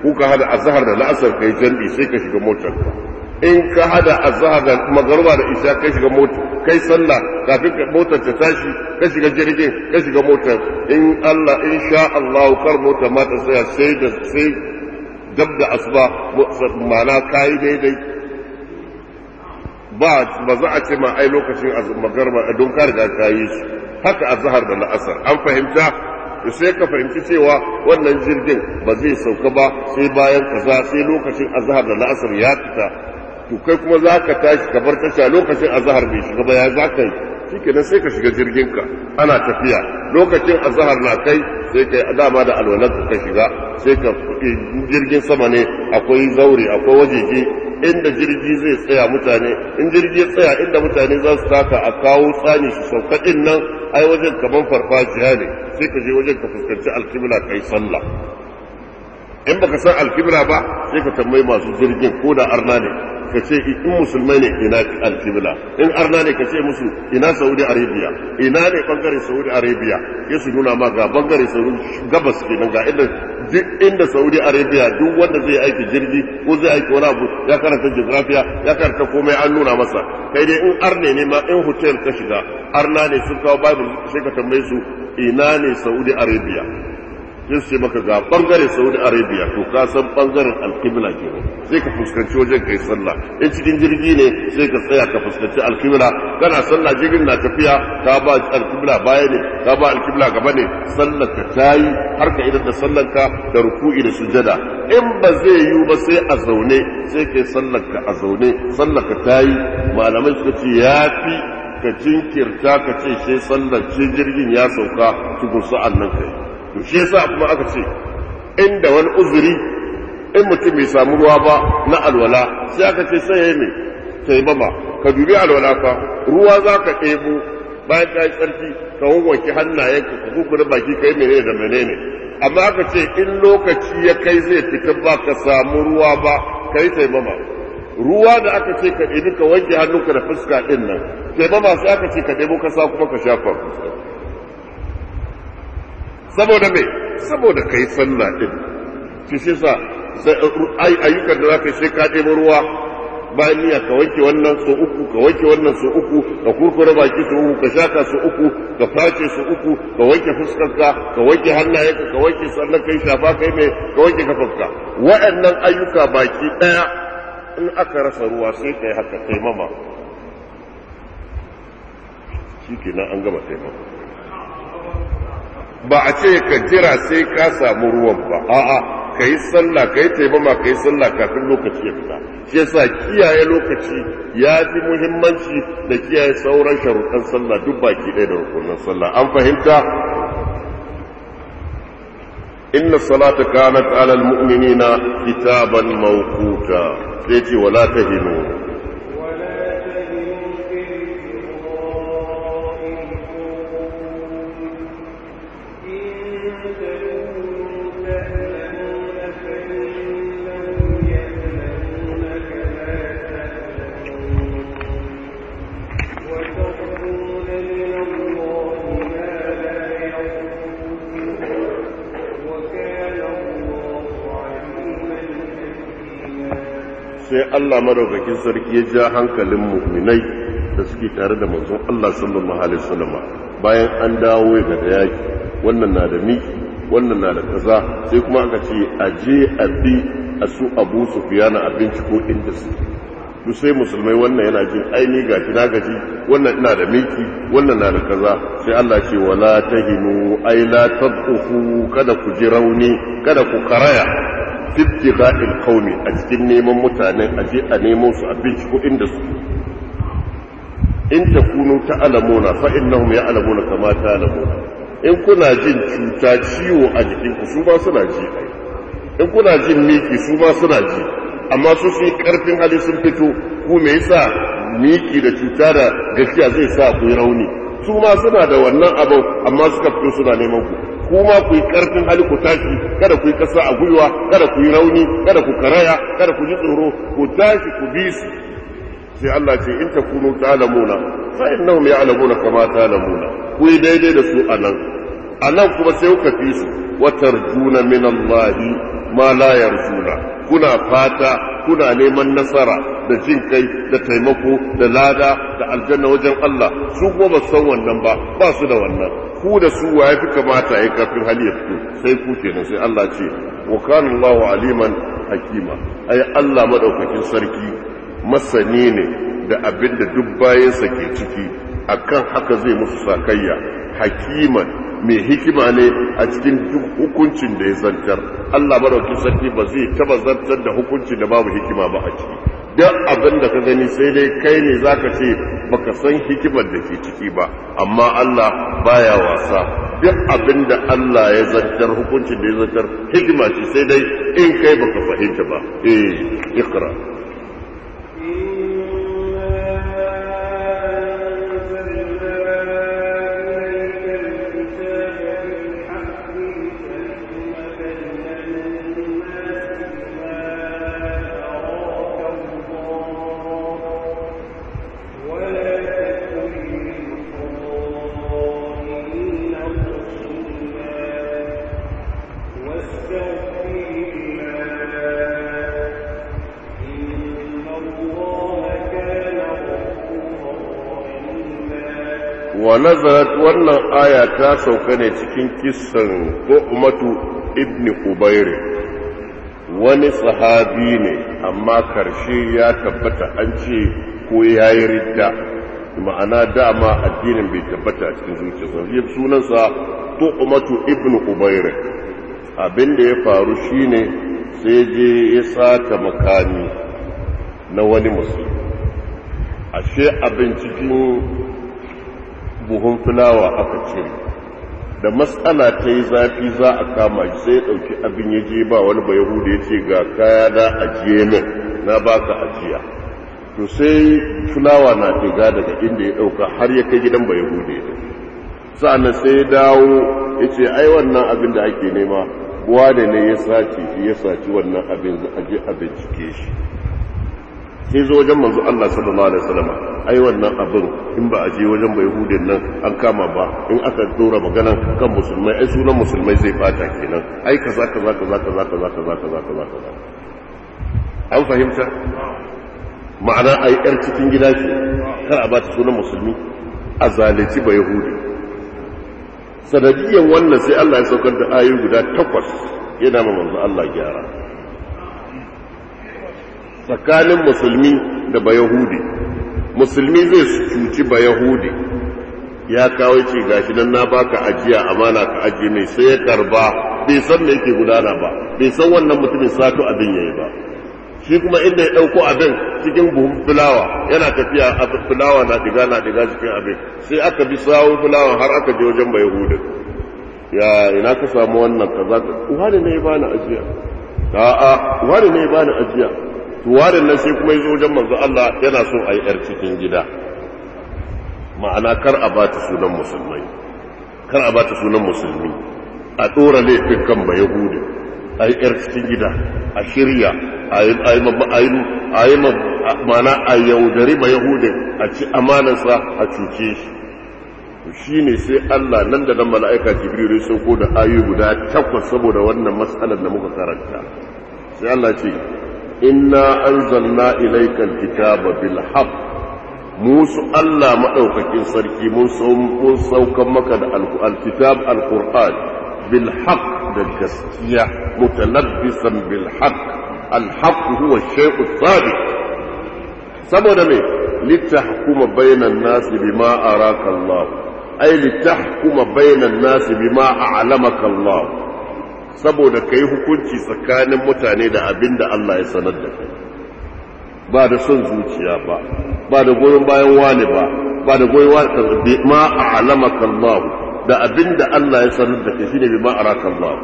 ko ka hada azahar da la'asar kai jam'i sai ka shiga motar ka in ka hada azhar da da isha kai shiga mota kai sallah kafin ka motar ta tashi kai shiga jirgin kai shiga motar in Allah in sha Allah kar mota ma ta tsaya sai da sai dab da asuba ma'ana kai daidai ba ba za a ce ma ai lokacin magruba don ka ka yi shi haka azhar da la'asar an fahimta sai ka fahimci cewa wannan jirgin ba zai sauka ba sai bayan kaza sai lokacin azhar da la'asar ya fita to kai kuma za ka tashi ka bar tasha lokacin azahar mai shiga ba ya za ka yi shike nan sai ka shiga jirgin ka ana tafiya lokacin azahar na kai sai ka yi dama da alwalar ka shiga sai ka jirgin sama ne akwai zaure akwai wajeje inda jirgi zai tsaya mutane in jirgi tsaya inda mutane za su taka a kawo tsani su sauka nan ai wajen kaman farfajiya ne sai ka je wajen ka fuskanci alkibla yi sallah in baka san alkibla ba sai ka tambayi masu jirgin ko da arna ne ka ce in musulmai ne ina alkibla in arna ne ka ce musu ina saudi arabia ina ne bangare saudi arabia ya nuna ma ga bangare saudi gabas nan ga inda duk inda saudi arabia duk wanda zai aiki jirgi ko zai aiki wani abu ya karanta geografiya ya karanta komai an nuna masa kai dai in arne ne ma in hotel ka shiga arna ne sun kawo bible sai ka su ina ne saudi arabia sai su ce maka ga bangaren saudi arabia to ka san bangaren alkimila ke sai ka fuskanci wajen kai sallah in cikin jirgi ne sai ka tsaya ka fuskanci alkimila kana sallah jirgin na tafiya ka ba alkimila baya ne ka ba alkimila gaba ne sallar ka tayi har ka idan da sallar ka da ruku'i da sujada in ba zai yiwu ba sai a zaune sai kai sallar ka a zaune sallar ka tayi malamai suka ce ya fi ka jinkirta ka ce sai sallar jirgin ya sauka tukun sa'an nan kai to shi yasa kuma aka ce inda wani uzuri in mutum bai samu ruwa ba na alwala sai aka ce sai yayi mai taimama ka dubi alwala fa ruwa za ka ɗebo bayan ka yi tsarki ka wanke hannayenka ka ku kukuri baki kai yi da menene amma aka ce in lokaci ya kai zai fita ba ka samu ruwa ba kai yi taimama ruwa da aka ce ka ɗebi ka wanke hannunka da fuska ɗin nan taimama sai aka ce ka ɗebo ka sa kuma ka shafa fuska saboda me saboda kai sallah din shi shi sa ayyukan da za ka sai ka ɗebo ruwa bayan niyya ka wanke wannan so uku ka wanke wannan so uku ka kurkure baki so uku ka shaka so uku ka face so uku ka wanke fuskarka ka wanke hannayenka ka wanke sannan kai shafa kai mai ka wanke kafarka wa'annan ayyuka baki ɗaya in aka rasa ruwa sai kai haka taimama shi kenan an gama taimama ba a ce ka jira sai ka samu ruwan ba a'a ka yi sallah ka yi taimama ka yi sallah kafin lokaci ya fita shi yasa kiyaye lokaci ya fi muhimmanci da kiyaye sauran sharuɗan sallah duk baki ɗaya da rukunan sallah an fahimta إن الصلاة كانت على المؤمنين كتابا موقوتا wala ولا تهنوا Sai Allah madaukakin sarki ya ja hankalin mu'minai da suke tare da manzon Allah sallallahu alaihi wasallam bayan an dawo ga da yaki wannan na da miki wannan na da kaza sai kuma aka ce a je a bi a su Abu Sufyan a binciko inda su to sai musulmai wannan yana jin aini ga kina gaji wannan ina da miki wannan na da kaza sai Allah ce wala tahinu ai la tadqu kada ku ji rauni kada ku karaya ibtigha'il qaumi a cikin neman mutane a je a nemo su a binciko inda su in ta kunu ta alamuna fa innahum ya'lamuna kama alamuna in kuna jin cuta ciwo a jikin ku su ba suna ji in kuna jin miki su ba suna ji amma su sai karfin hali sun fito ku me yasa miki da cuta da gaskiya zai sa ku rauni su ma suna da wannan abu amma suka fito suna neman ku kuma ku yi karfin hali ku tashi kada ku yi kasa a gwiwa kada ku yi rauni kada ku karaya kada ku ji tsoro ku tashi ku bi su sai Allah ce in ta kunu ta'lamuna fa innahum ya'lamuna kama ta lamuna? ku yi daidai da su anan anan kuma sai ku fi su wa tarjuna min Allah ma la yarjuna kuna fata kuna neman nasara da jin kai da taimako da lada da aljanna wajen Allah su kuma ba san wannan ba ba su da wannan ku da su waye fi kamata ya kafin hali ya fito sai ku kenan sai Allah ce wa kana Allahu aliman hakima ai Allah madaukakin sarki masani ne da abin da duk bayansa ke ciki akan haka zai musu sakayya hakiman mai hikima ne a cikin duk hukuncin da ya zantar Allah madaukakin sarki ba zai taba zantar da hukuncin da babu hikima ba a ciki duk abin da ka gani sai dai kai ne za zaka ce baka san hikimar da ke ciki ba amma Allah baya wasa duk abin da Allah ya zartar hukuncin da ya zartar hikima shi sai dai in kai baka fahimta ba eh ikra ونزلت wannan aya ta sauka ne cikin kissan ko umatu ibn ubayr wani sahabi ne amma karshe ya tabbata an ce ko yayi ridda ma'ana dama addinin bai tabbata a cikin zuciyarsa sunan sunansa to umatu ibn ubayr abin da ya faru shine sai je ya sata makami na wani musulmi ashe abin cikin buhun fulawa aka cire da matsala ta yi zafi za a kama shi sai ya ɗauki abin ya je ba wani ba yahuda ya ce ga kaya na ajiye min na baka ajiya to sai fulawa na diga daga inda ya ɗauka har ya kai gidan ba yahuda ya sa'annan sai ya dawo ya ce ai wannan abin da ake nema buwa da ne ya sace shi ya saci wannan abin a je a bincike shi sai zo wajen manzo Allah sallallahu alaihi wasallam ai wannan abin in ba a je wajen bai hudin nan an kama ba in aka dora magana kan musulmai ai sunan musulmai zai fata kenan ai kaza kaza kaza kaza kaza kaza kaza kaza kaza an fahimta ma'ana ai yar cikin gida ce kar a ba ta sunan musulmi a zalunci bai hudi sanadiyan wannan sai Allah ya saukar da ayoyi guda takwas yana ma manzo Allah gyara tsakanin musulmi da yahudi musulmi zai cuci yahudi ya kawo ce gashi nan na baka ajiya amana ka ajiye mai sai ya karba bai san me yake gudana ba bai san wannan mutumin sato abin yayi ba shi kuma inda ya dauko abin cikin buhun fulawa yana tafiya fulawa na diga na diga cikin abin sai aka bi sawun fulawa har aka je wajen bayahudi ya ina ka samu wannan kaza ka wani ne ya bani ajiya a'a wani ne ya bani ajiya tuwarin nan sai kuma yazo wajen manzo Allah yana so a yi yar cikin gida ma'ana kar a ba ta sunan musulmai kar a ba ta sunan musulmi a ɗora laifin kan ba yahudi a yi yar cikin gida a shirya a yi ma'ana a yaudari ba yahudi a ci amanansa a cuce shi shi ne sai Allah nan da nan mala’aika jibril ya sauko da ayu guda takwas saboda wannan matsalar da muka karanta sai Allah ce inna anzalna ilayka alkitaba bil haqq mu Allah madaukakin sarki mun mun saukan maka da alkitab alquran bil da gaskiya mutalabbisan bil haqq al huwa shay'u sabiq saboda me litahkuma bainan nasi bima araka Allah ay litahkuma bainan nasi bima a'lamaka Allah saboda ka yi hukunci tsakanin mutane da abin da Allah ya sanar da kai ba da son zuciya ba ba da goyon bayan wani ba ba da goyon wani bi ma a alama kallahu da abin da Allah ya sanar da kai shi ne bi ma ra kallahu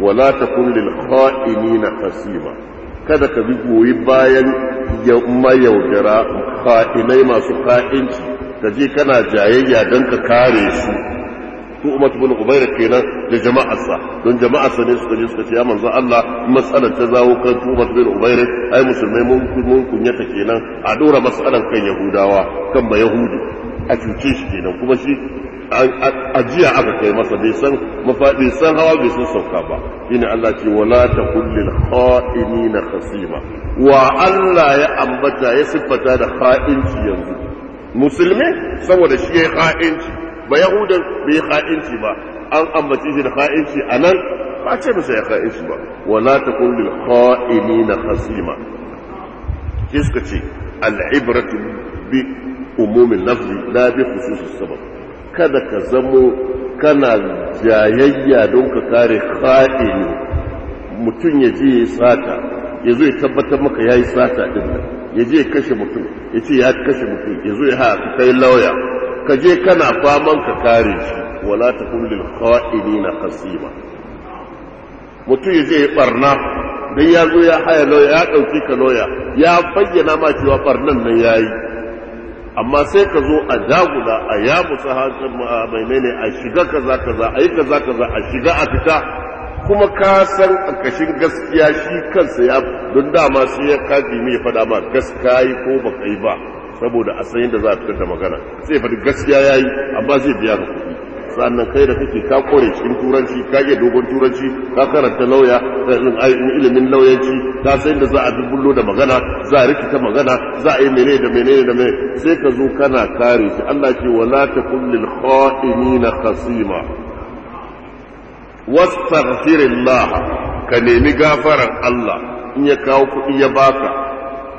wala takun lil na hasiba kada ka bi goyi bayan mayaudara kha'inai masu kha'inci ka je kana jayayya don ka kare su ko Umar ibn Ubayr kenan da jama'arsa don jama'arsa ne suka je suka ce ya Allah matsalar ta zawo kan Umar bin Ubayr ai musulmai mun mun kunyata kenan a dora matsalar kan Yahudawa kan ba Yahudi a cuce shi kenan kuma shi ajiya aka kai masa bai san mafaɗi san hawa bai san sauka ba shine Allah ce wala ta kullil kha'inina khasima wa Allah ya ambata ya siffata da kha'inci yanzu musulmi saboda shi ya kha'inci ba yahudan bai yi ha'inci ba an ambace shi da ha'inci a nan ba ce masa ya ha'inci ba wala ta kulli na hasima shi suka ce al'ibratu bi umumin lafzi la bi khususus sabab kada ka zamo kana jayayya don ka kare ha'ini mutum ya je ya sata ya zo ya tabbatar maka ya yi sata din nan ya je ya kashe mutum ya ce ya kashe mutum ya zo ya ha kai lauya Kaje kana faman ka kare shi wala ta kullum ka'ini na kasima mutum ya yi barna don ya zo ya haya lauya ya ɗauki ka lauya ya bayyana ma cewa barnan nan ya amma sai ka zo a dagula a ya musu hankali mai ne a shiga kaza kaza a yi kaza kaza a shiga a fita kuma ka san a kashin gaskiya shi kansa ya don dama sai ya kaji mai faɗa ma gaskiya ko baka yi ba saboda a san yadda za a fitar da magana sai faɗi gaskiya ya yi, amma zai biya ka kuɗi sannan kai da kake ka kore cikin turanci ka iya dogon turanci ka karanta lauya eh, ilimin lauyanci ka san yadda za a bullo da magana za a rikita magana za a yi mene da menene da menene sai ka zo kana kare shi Allah ke wala ta takun kasima. Wasu khasima laha ka nemi gafaran Allah in ya kawo kuɗi ya baka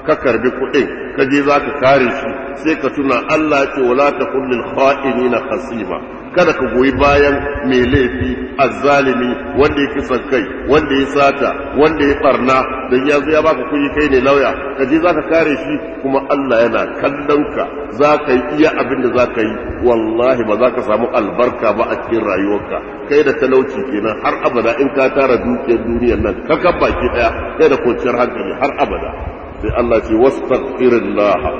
ka karbi kuɗin ka je za ka kare shi sai ka tuna Allah ce wala ta kullil kha'inina khasima kada ka goyi bayan mai laifi azzalimi wanda ya kisan kai wanda ya sata wanda ya barna dan ya zo ya baka kuɗi kai ne lauya ka je za ka kare shi kuma Allah yana kallon ka za ka yi iya abin da za ka yi wallahi ba za ka samu albarka ba a cikin rayuwarka kai da talauci kenan har abada in ka tara dukiyar duniyar nan ka baki daya kai da kwanciyar hankali har abada sai Allah ce laha.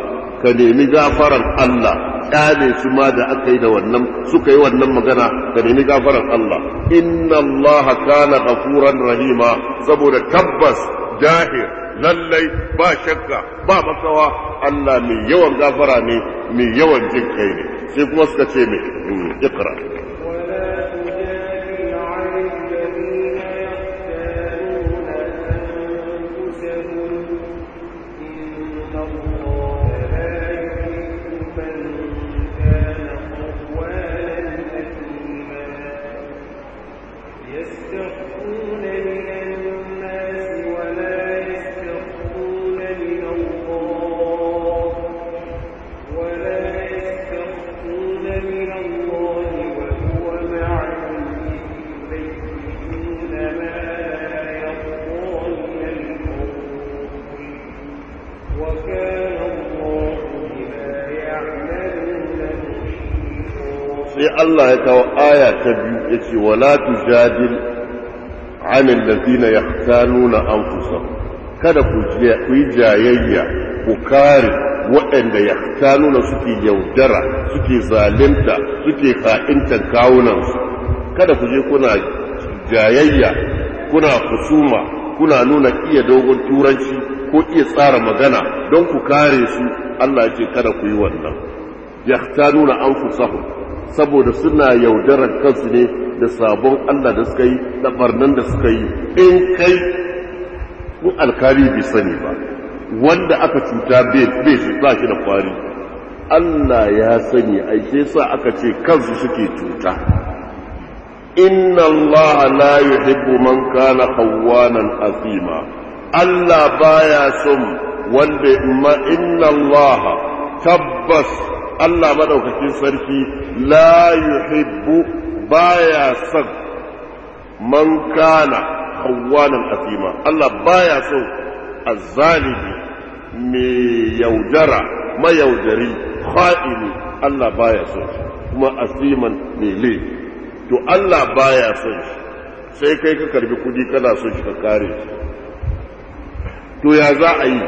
ka nemi gafaran Allah kyale su ma da aka yi da wannan suka yi wannan magana ka nemi gafaran Allah inna Allah kana ghafuran rahima saboda tabbas jahir lallai ba shakka ba makawa Allah mai yawan gafara ne mai yawan jin kai ne sai kuma suka ce mai hmm, ikra sai Allah ya kawo aya ta biyu ya ce tu jadil anil ladina an anfusahum kada ku yi jayayya ku kare waɗanda yahtaluna suke yaudara suke zalunta suke kainta kawunansu kada ku je kuna jayayya kuna kusuma kuna nuna iya dogon turanci ko iya tsara magana don ku kare su Allah ya ce kada ku yi wannan an anfusahum saboda suna yaudarar kansu ne da sabon Allah da suka yi da barnan da suka yi in kai in alkali bai sani ba wanda aka cuta bai su ba shi da kwari Allah ya sani aike sa aka ce kansu suke cuta inna Allah la yuhibbu man kana khawanan azima Allah baya son wanda inna Allah tabbas Allah madaukakin sarki la yuhibbu baya son man kana khawwanan asima Allah baya son azzalimi mai yaudara mayaudari kha'ini Allah baya son kuma asiman ne to Allah baya son sai kai ka karbi kudi kana son shi ka kare to ya za a yi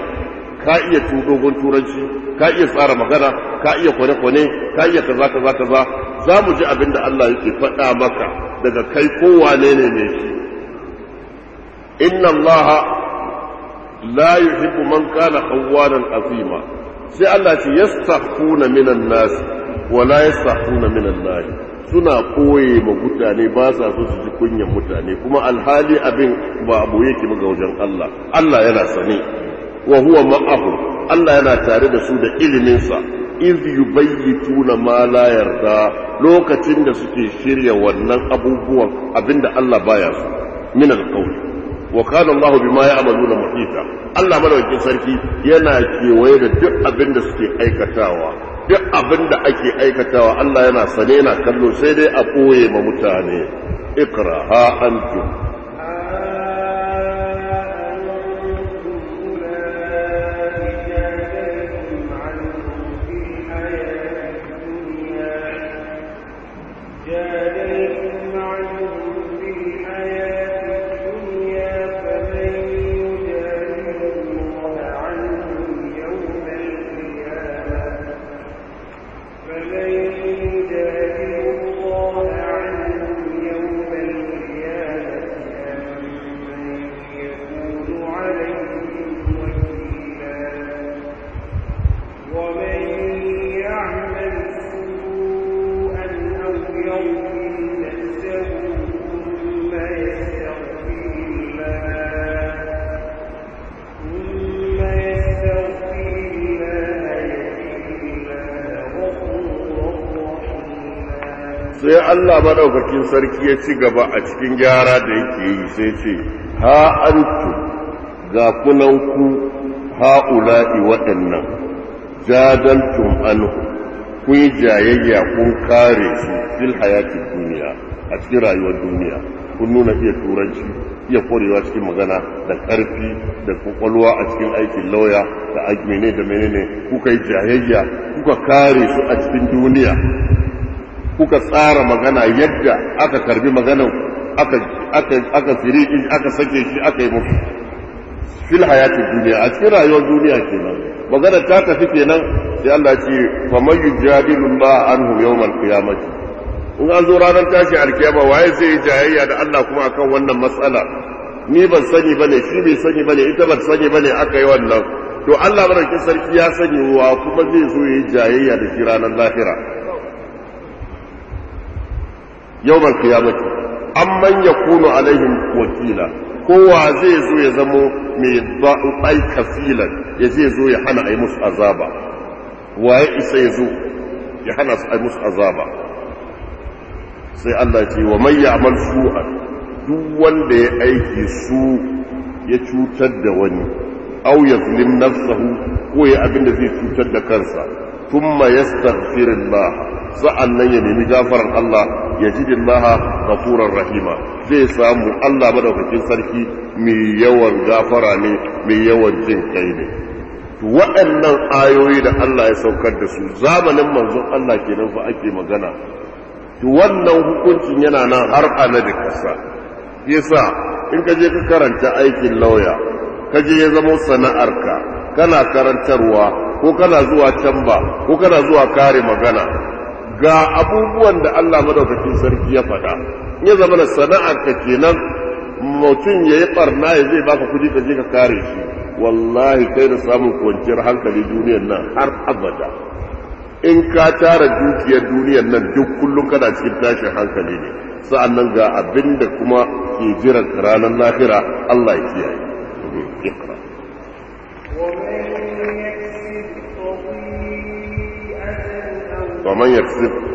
ka iya dogon turanci ka iya tsara magana ka iya kwane kone ka iya kaza kaza kaza za mu ji abin da Allah yake faɗa maka daga kai kowane ne ne inna Allah la yuhibbu man kana khawwanan azima sai Allah ce yastahuna minan nas wa la yastahuna minan nas suna koye ma mutane ba sa so su ji kunyan mutane kuma alhali abin ba abu yake ba ga wajen Allah Allah yana sani wa huwa ma'ahu Allah yana tare da su da iliminsa iz yubayyituna ma la yarda lokacin da suke shirya wannan abubuwan abinda Allah baya su min alqawl wa kana Allah bima ya'maluna muhita Allah madaukakin sarki yana kewaye da duk abinda suke aikatawa duk abinda ake aikatawa Allah yana sane yana kallo sai dai a koye ma mutane ikraha antum madaukakin sarki ya ci gaba a cikin gyara da yake yi sai ce ha antu ga kunan ku ha'ula'i waɗannan jadaltum anhu ku yi jayayya kun kare su fil hayatin duniya a cikin rayuwar duniya kun nuna iya turanci iya korewa cikin magana da karfi da kwakwalwa a cikin aikin lauya da mene da menene kuka yi jayayya kuka kare su a cikin duniya kuka tsara magana yadda aka karbi maganan aka aka aka aka sake shi aka yi mafi fil hayatid duniya a cikin rayuwar duniya kenan magana ta tafi kenan sai Allah ce fa man yujadilu Allah anhu ya mace. in an zo ranar tashi alkiyama waye zai yi jayayya da Allah kuma akan wannan matsala ni ban sani bane shi bai sani bane ita ban sani bane aka yi wannan to Allah barakin sarki ya sani wa kuma zai zo yi jayayya da shi ranar lahira yawmal qiyamati amman yakunu alaihim wakila kowa zai zo ya zamo mai ai kafilan ya zai zo ya hana ai musu azaba waye isa ya zo ya hana su ai musu azaba sai Allah ce wa man ya'mal su'an duk wanda ya aiki su ya cutar da wani aw yazlim nafsahu ko ya abin da zai cutar da kansa thumma yastaghfirullah sa'annan ya nemi gafaran Allah yajidillaha ghafurur rahima zai samu Allah madaukakin sarki mai yawan gafara ne mai yawan jin kai ne waɗannan ayoyi da Allah ya saukar da su zamanin manzon Allah kenan fa ake magana wannan hukuncin yana nan har da kasa yasa in ka je ka karanta aikin lauya ka je ya zama sana'arka kana karantarwa ko kana zuwa tamba ko kana zuwa kare magana ga abubuwan da Allah madaukakin sarki ya faɗa ya zama da sana'ar ka kenan mutum ya yi barna ya zai baka kuɗi ka je ka kare shi wallahi kai da samun kwanciyar hankali duniyar nan har abada in ka tara dukiyar duniyar nan duk kullum kana cikin tashin hankali ne sa'an nan ga abin da kuma ke jiran ranar lahira Allah ya kiyaye. 我们也不信。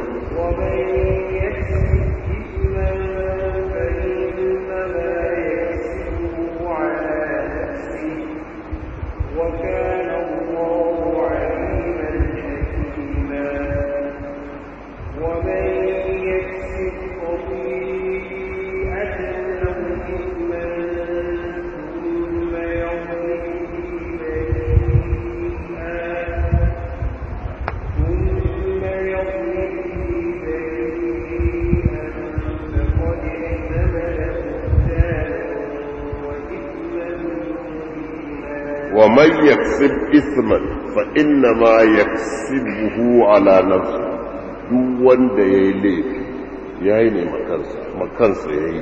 yaksib isman fa inna ma yaksibuhu ala nafsi duk wanda yayi laifi yayi ne makansa makansa yayi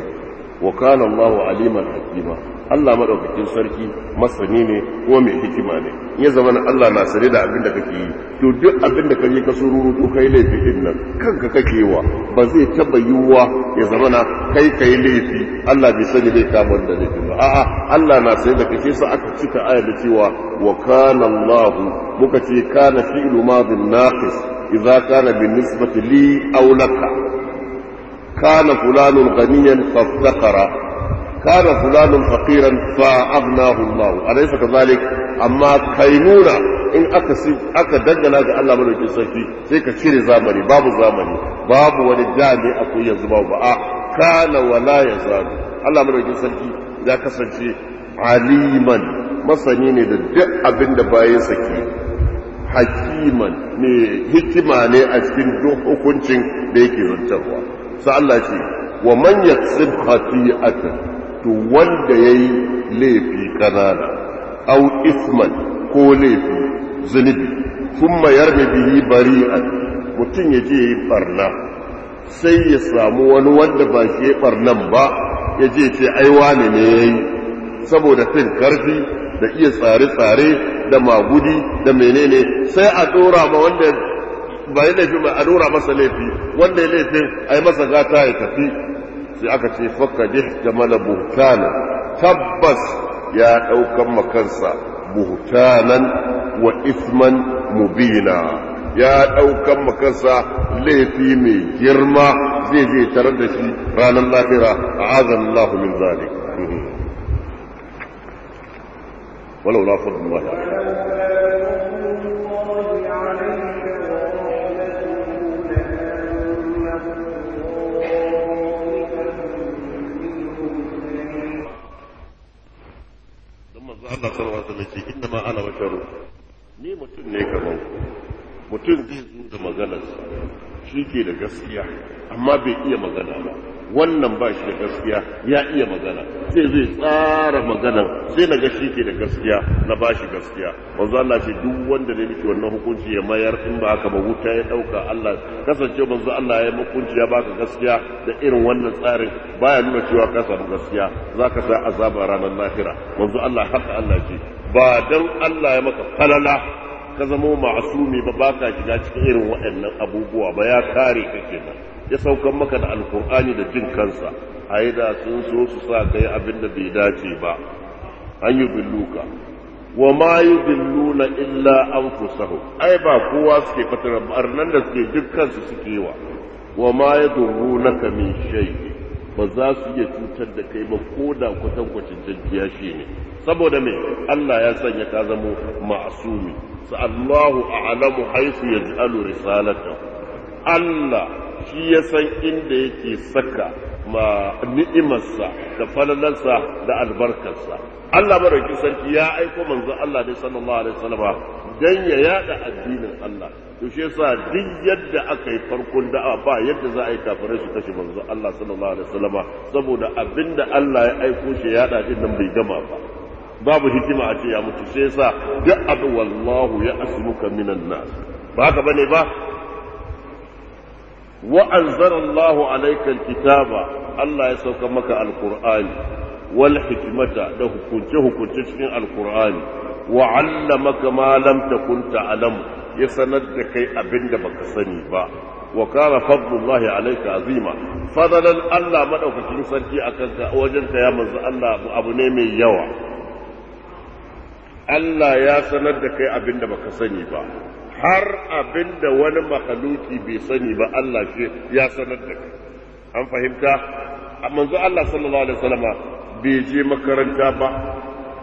wa kana Allahu aliman hakima Allah madaukakin sarki masani ne ko mai hikima ne ya zama na Allah na sare da abin da kake yi to duk abin da kake ka to kai laifi din nan kanka kake wa ba zai taba yiwuwa ya zama na kai kai laifi Allah bai sani bai kama da laifi ba a'a Allah na sare da kake sa aka cika aya da cewa wa kana Allah muka ce kana fi'lu madin naqis idza kana bin nisbati li aw laka kana fulanun ghaniyan fa kana fulanun faqiran fa aghnahu Allah alaysa kadhalik amma nuna in aka aka dangana ga Allah madaukin sarki sai ka cire zamani babu zamani babu wani jami akwai yanzu A ba kana wala yazalu Allah madaukin sarki ya kasance aliman masani ne da duk abin da bayansa ke hakiman ne hikima ne a cikin duk hukuncin da yake rantarwa sai Allah wa man yaksib to wanda ya yi laifi ƙanana au isman ko laifi zunubi sun mayar da biyi bari'an mutum ya je yi barna sai ya samu wani wanda ba shi ya barnan ba ya je ce aiwa ne ne ya yi saboda fin karfi da iya tsare-tsare da magudi da menene sai a dora ma wanda ba yi laifi ba a dora masa laifi wanda ya laifin a yi masa gata ya tafi sai aka ce fakka mana buhtana tabbas ya ɗaukan makansa buhtanan wa isman mubina ya ɗaukan makansa laifi mai girma zai je tare da shi ranar lahira a'azan Allah min zalik ولولا فضل الله manzo Allah sallallahu alaihi wasallam ce ma ana basharu ni mutum ne kamar mutum zai zo da maganar shi ke da gaskiya amma bai iya magana ba wannan ba shi da gaskiya ya iya magana sai zai tsara magana sai na gashi ke da gaskiya na ba shi gaskiya manzo Allah ce duk wanda ne miki wannan hukunci ya mayar in ba haka ba wuta ya dauka Allah kasance manzo Allah ya hukunci ya baka gaskiya da irin wannan tsarin baya nuna cewa ka samu gaskiya zaka sa azaba ranar lahira manzo Allah haka Allah ce ba dan Allah ya maka falala ka zama ma'asumi ba baka shiga cikin irin waɗannan abubuwa ba ya kare kake nan ya saukan maka da alkur'ani da jin kansa ai da sun so su sa kai abin da bai dace ba an yi billuka wa ma yi billuna illa an fusahu ai ba kowa suke fatar barnan da suke jin kansu suke wa wa ma ya duru na min shai ba za su iya cutar da kai ba ko da kwacin jajjiya shi ne saboda me Allah ya sanya ka zama ma'asumi sa Allahu a'lamu haythu yaj'alu risalata Allah shi ya san inda yake saka ma ni'imarsa da falalarsa da albarkarsa Allah maraukin sarki ya aiko manzo Allah ne sallallahu alaihi wasallam dan ya yada addinin Allah to shi yasa duk yadda aka yi farkon da'a ba yadda za a yi kafirai su kashe manzo Allah sallallahu alaihi wasallam saboda abinda Allah ya aiko shi ya yada din nan bai gama ba babu hikima a ce ya mutu sai yasa duk abu wallahu ya asmuka minan nas ba haka bane ba wa anzalallahu kitaba Allah ya sauka maka alqur'ani wal hikmata da hukunce hukunce cikin alqur'ani wa allamaka ma lam takun ta'lam ya sanar da kai abinda baka sani ba wa kana fadlullahi alayka azima fadlan Allah madaukakin sarki akan ka wajen ta ya manzo Allah abu ne mai yawa Allah ya sanar da kai abinda baka sani ba har abin da wani makaluki bai sani ba Allah shi ya sanar da kai an fahimta manzo Allah sallallahu alaihi wasallama bai je makaranta ba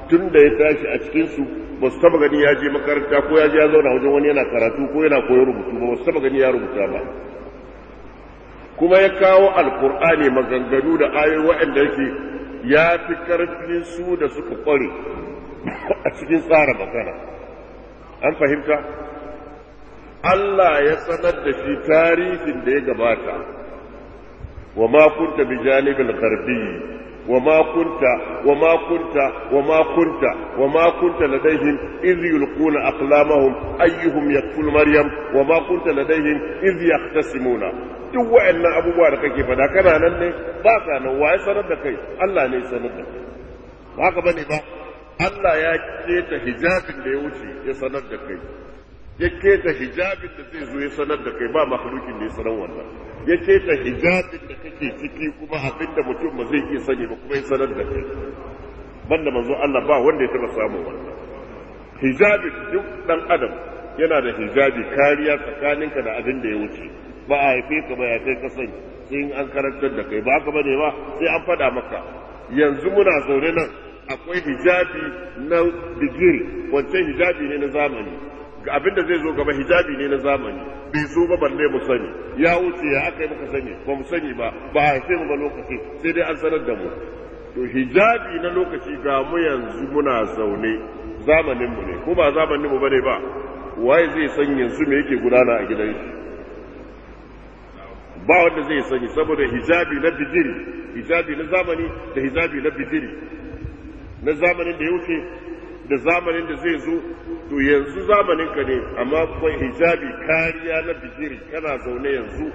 tun da ya tashi a cikin su ba su taba gani ya je makaranta ko ya je ya zauna wajen wani yana karatu ko yana koyon rubutu ba ba su taba gani ya rubuta ba kuma ya kawo alkur'ani maganganu da ayoyi waɗanda yake ya fi karfin su da suka kware a cikin tsara magana an fahimta Allah ya sanar da shi tarihin da ya gabata wa ma kunta bi janibil gharbi wa ma kunta wa ma kunta wa ma kunta wa ma kunta ladaihim idh yulquna aqlamahum ayyuhum yakful maryam wa ma kunta ladaihim idh yahtasimuna duk wa'annan abubuwa da kake fada kana nan ne ba ka nan waye sanar da kai Allah ne sanar da kai ba ka bane ba Allah ya keta hijabin da ya wuce ya sanar da kai ya keta hijabin da zai zo ya sanar da kai ba makhlukin da ya sanar wannan ya keta hijabin da kake ciki kuma abin da mutum ba zai iya sani ba kuma ya sanar da kai banda manzo Allah ba wanda ya taba samu wannan hijabin duk dan adam yana da hijabi kariya tsakaninka da abin da ya wuce ba a haife ka ba ya kai ka sani in an karantar da kai ba haka bane ba sai an faɗa maka yanzu muna zaune nan akwai hijabi na digiri wancan hijabi ne na zamani abin da zai zo gaba hijabi ne na zamani bai zo ba balle mu sani ya wuce ya aka yi muka sani ba mu sani ba ba a haife mu ba lokaci sai dai an sanar da mu to hijabi na lokaci ga mu yanzu muna zaune zamanin mu ne ko ba zamanin mu bane ba waye zai san yanzu me yake gudana a gidan shi ba wanda zai sani saboda hijabi na bidiri hijabi na zamani da hijabi na bijiri na zamanin da ya wuce da zamanin da zai zo to yanzu zamanin ka ne amma kuma hijabi kariya na bigiri kana zaune yanzu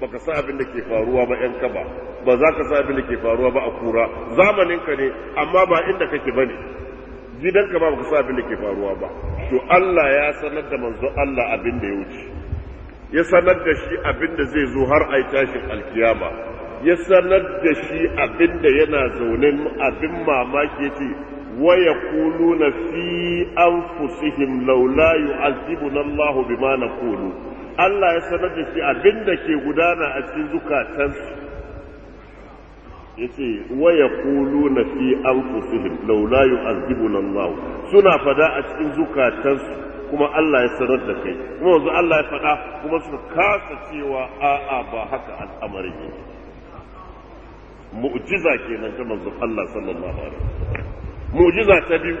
baka sa abin da ke faruwa ba yan kaba ba za ka sa abin da ke faruwa ba a kura zamanin ka ne amma ba inda kake bane ka ba baka sa abin da ke faruwa ba to Allah ya sanar da manzo Allah abin da ya wuce ya sanar da shi abin da zai zo har ai tashin alkiyama ya sanar da shi abin da yana zaune abin mamaki yace ويقولون في أنفسهم لولا يعذبنا الله بما نقول Allah ya sanar da shi abinda ke gudana a cikin zukatansu ya ce waya kulu na fi an suna fada a cikin zukatansu kuma Allah ya sanar da kai kuma wanzu Allah ya faɗa kuma suka kasa cewa a'a ba haka al'amari ne mu'jiza kenan ta Allah sallallahu mu'jiza ta biyu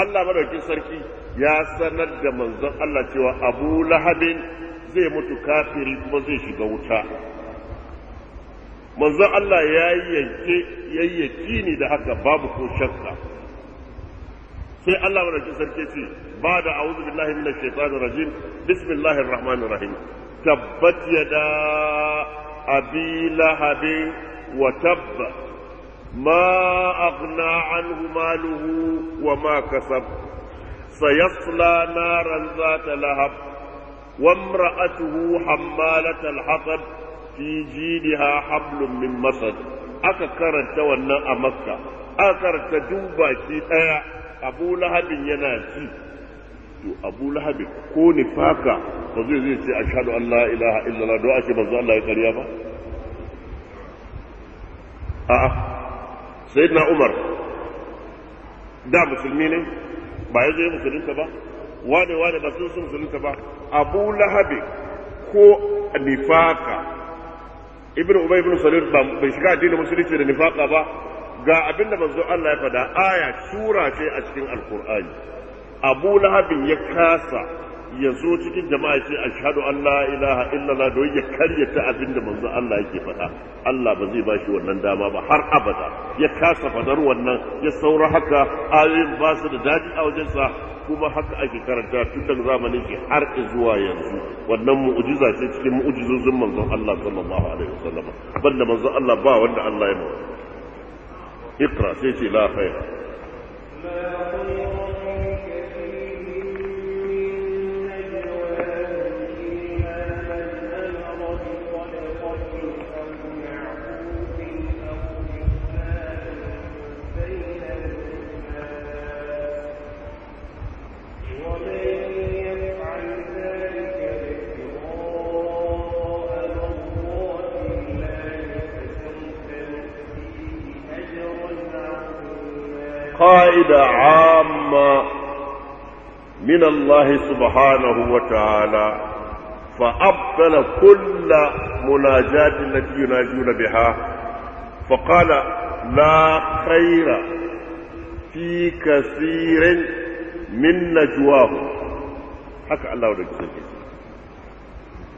Allah madaukin sarki ya sanar da manzon Allah cewa Abu Lahabin zai mutu kafiri kuma zai shiga wuta manzon Allah ya yanke yayyaki ne da haka babu ko shakka sai Allah madaukin sarki ce ba da a'udhu billahi minash shaitanir rajim bismillahir rahmanir rahim tabbat yada abi lahabin wa tabba ما أغنى عنه ماله وما كسب سيصلى نارا ذات لهب وامرأته حمالة الحطب في جيدها حبل من مسد aka karanta wannan a makka aka karanta duk ɗaya abu lahabin yana ji to abu lahabi ko nifaka ba zai zai ce ashhadu an karya ba na umar da musulmi ne ba ya zo ya musulunta ba wane wane ba sun musulunta ba abu lahabi ko nifaka ibn ubay ibn salir ba bai shiga addinin musulunci da nifaka ba ga abin da manzo Allah ya faɗa aya sura ce a cikin alqur'ani abu lahabin ya kasa ya zo cikin jama'a ce ashhadu an la ilaha illallah don ya karyata abin da manzo Allah yake faɗa Allah ba zai bashi wannan dama ba har abada ya kasa fadar wannan ya saura haka ayoyin ba su da daɗi a wajensa kuma haka ake karanta tun daga zamanin ke har zuwa yanzu wannan mu'jiza ce cikin mu'jizozin manzon Allah sallallahu alaihi wasallam banda manzon Allah ba wanda Allah ya ba iqra sai ce la khaira من الله سبحانه وتعالى فأبطل كل مناجاة التي يناجون بها فقال لا خير في كثير من نجواهم haka Allah da kusan ke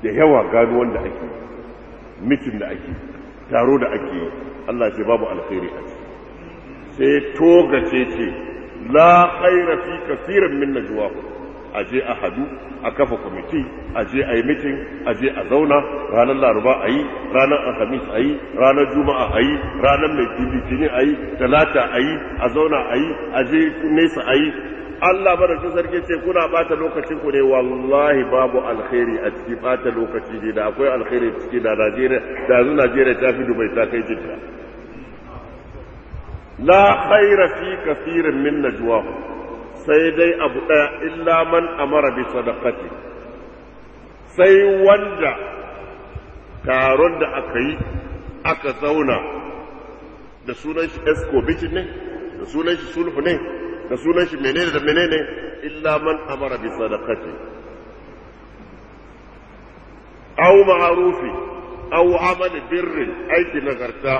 da yawa gano wanda ake mitin da ake taro da ake Allah ce babu alkhairi a sai toga ce ce la khaira fi kaseerin min najwahum aje a hadu a kafa kwamiti aje a yi mitin aje a zauna ranar laruba a yi ranar alhamis a yi ranar juma'a a yi ranar mai litinin a yi talata a yi a zauna a yi aje nesa a yi Allah madaukin sarki ce kuna bata lokacin ku ne wallahi babu alkhairi a ciki bata lokaci ne da akwai alkhairi ciki da Najeriya da yanzu Najeriya ta fi Dubai ta kai jidda la khaira fi kafirin min najwahu sai dai abu ɗaya illa man amara bi sadaqati sai wanda taron da aka yi aka zauna da sunan shi escobitin ne da sunan shi sulhu ne da sunan shi menene da menene illa man amara bi sadaqati aw ma'rufi aw amali birri aiki nagarta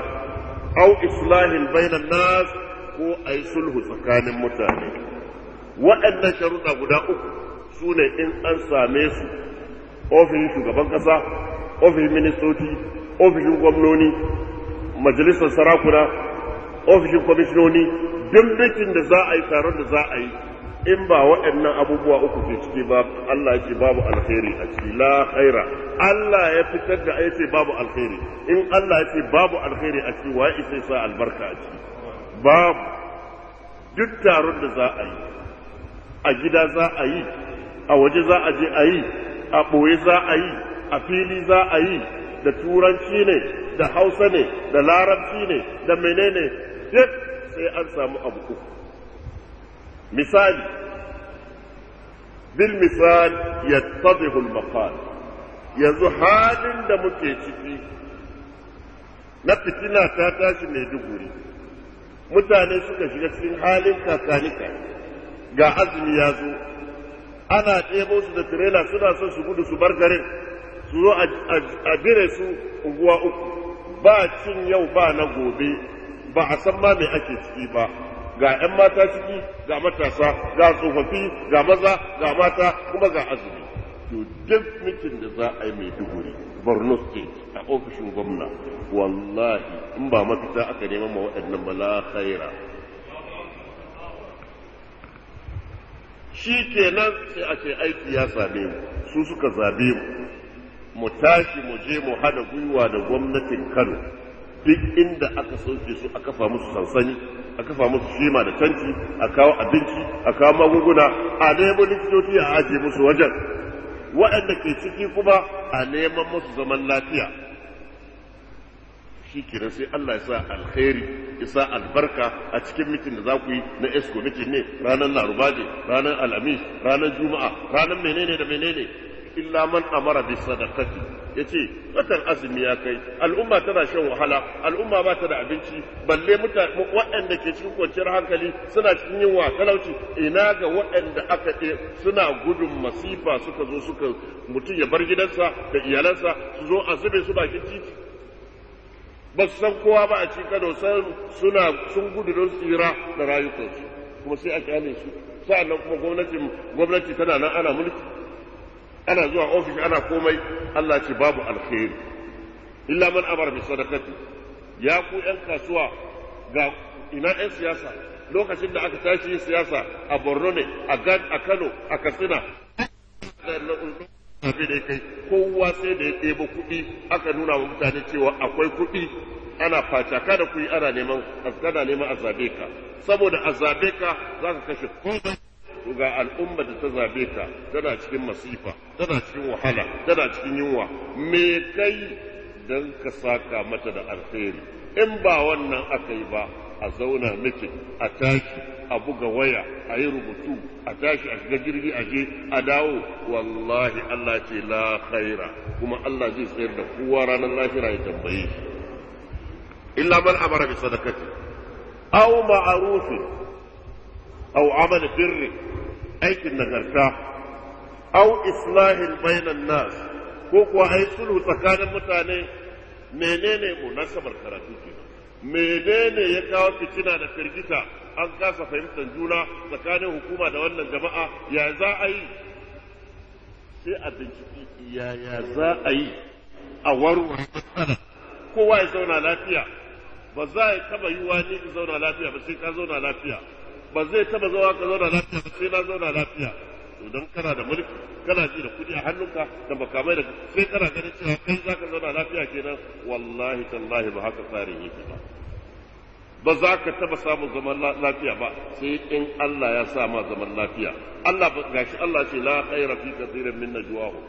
au islahin bainan nas ko a sulhu tsakanin mutane waɗannan sharuɗa guda uku su ne in an same su ofishin shugaban ƙasa ofishin ministoci ofishin gwamnoni majalisar sarakuna ofishin kwamishinoni duk da za a yi taron da za a yi in ba waɗannan abubuwa uku ke ciki ba Allah ya ce babu alkhairi a ciki la khaira Allah ya fitar da ya babu alkhairi in Allah ya ce babu alkhairi a ciki waye sai sa albarka a ciki babu duk taron da za a yi a gida za a yi a waje za a je a yi a ɓoye za a yi a fili za a yi da turanci ne da hausa ne da larabci ne da menene duk sai an samu abu uku misali bil misal yattadihu al-maqal yanzu halin da muke ciki na fitina ta tashi mai duguri mutane suka shiga cikin halin kakanika ga azumi ya zo ana ɗebo da tirela suna son su gudu su bar garin su zo a dire su unguwa uku ba cin yau ba na gobe ba a san ma mai ake ciki ba ga 'yan mata ciki ga matasa ga tsofaffi ga maza ga mata kuma ga azumi to duk mutum da za a yi mai duguri borno state a ofishin gwamna wallahi in ba mafita aka neman ma waɗannan ba la khaira shi kenan sai a ce aiki ya same mu su suka zabe mu mu tashi mu je mu hada gwiwa da gwamnatin kano duk inda aka sauke su aka kafa musu sansani a kafa musu shima da tanki a kawo abinci a kawo magunguna a nemo likitoci a aje musu wajen waɗanda ke ciki kuma a neman musu zaman lafiya shi kenan sai Allah ya sa alkhairi ya sa albarka a cikin mitin da za ku yi na esko mitin ne ranar laruba ne ranar alhamis ranar juma'a ranar menene da menene illa man amara bi sadaqati yace watan azumi ya kai al'umma tana shan wahala al'umma ba ta da abinci balle mutane waɗanda ke cikin kwanciyar hankali suna cikin yunwa talauci ina ga waɗanda aka ɗe suna gudun masifa suka zo suka mutum ya bar gidansa da iyalansa su zo a zube su bakin titi ba su san kowa ba a cikin kano suna sun gudu don tsira da rayukansu kuma sai a kyale su sa'annan kuma gwamnati tana nan ana mulki ana zuwa ofis ana komai Allah ce babu alkhairi illa man amara bi sadaqati ya ku yan kasuwa ga ina yan siyasa lokacin da aka tashi siyasa a Borno ne a Gad a Kano a Katsina da kai kowa sai da ya ɗebo kuɗi aka nuna wa mutane cewa akwai kuɗi ana facaka da kuɗi ana neman a neman ka saboda a zabe ka za ka kashe ga al'umma da ta zabe ta, tana cikin masifa tana cikin wahala tana cikin yunwa me kai don ka saka mata da alheri in ba wannan aka yi ba a zauna miki a tashi a buga waya a yi rubutu a tashi a shiga jirgi a je a dawo wallahi Allah ce la khaira kuma Allah zai tsayar da kowa ranar lahira ya tambaye shi illa man amara bi sadaqati aw ma'ruf aw amal birri aikin nagarta au islahin bainan nas ko kuwa ai sulhu tsakanin mutane menene na munasabar karatu ke menene ya kawo fitina da firgita an kasa fahimtar juna tsakanin hukuma da wannan jama'a ya za a yi sai a binciki yaya za a yi a warware kowa ya zauna lafiya ba za a taba yi wani zauna lafiya ba sai ka zauna lafiya ba zai taba zawa ka zauna lafiya ba sai na zauna lafiya to don kana da mulki kana ji da kudi a hannunka da makamai da sai kana ganin cewa kai zaka zauna lafiya kenan wallahi tallahi ba haka tsarin yake ba ba za ka taba samun zaman lafiya ba sai in Allah ya sa ma zaman lafiya Allah gashi Allah ce la khaira fi kathirin min najwahu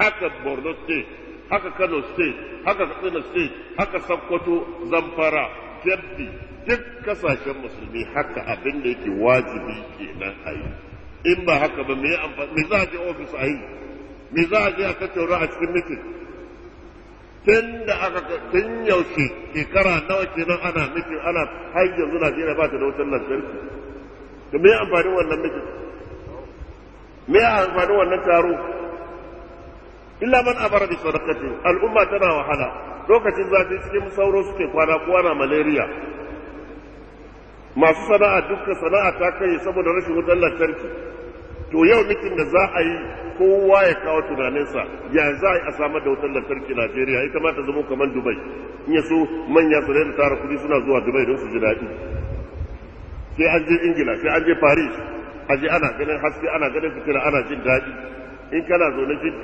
haka Borno state haka Kano state haka Katsina state haka Sokoto Zamfara Kebbi duk kasashen musulmi haka abin da yake wajibi kenan a yi in ba haka ba me amfani za a je ofis a yi me za a je a tattauna a cikin mitin tun da aka tun yaushe shekara nawa kenan ana mitin ana har yanzu Najeriya ba ta da wutar lantarki to me amfani wannan mitin me amfani wannan taro illa man abara bi sadaqati al'umma tana wahala lokacin zafi cikin sauro suke kwana kwana malaria masu sana'a dukkan sana'a ta kai saboda rashin wutar lantarki to yau mitin da za a yi kowa ya kawo tunaninsa ya za a samar da wutar lantarki Najeriya ita ma ta zama kamar Dubai in ya so manya su da tara kudi suna zuwa Dubai don su ji daɗi sai an je Ingila sai an je Paris a je ana ganin haske ana ganin fitila ana jin daɗi in kana zaune jin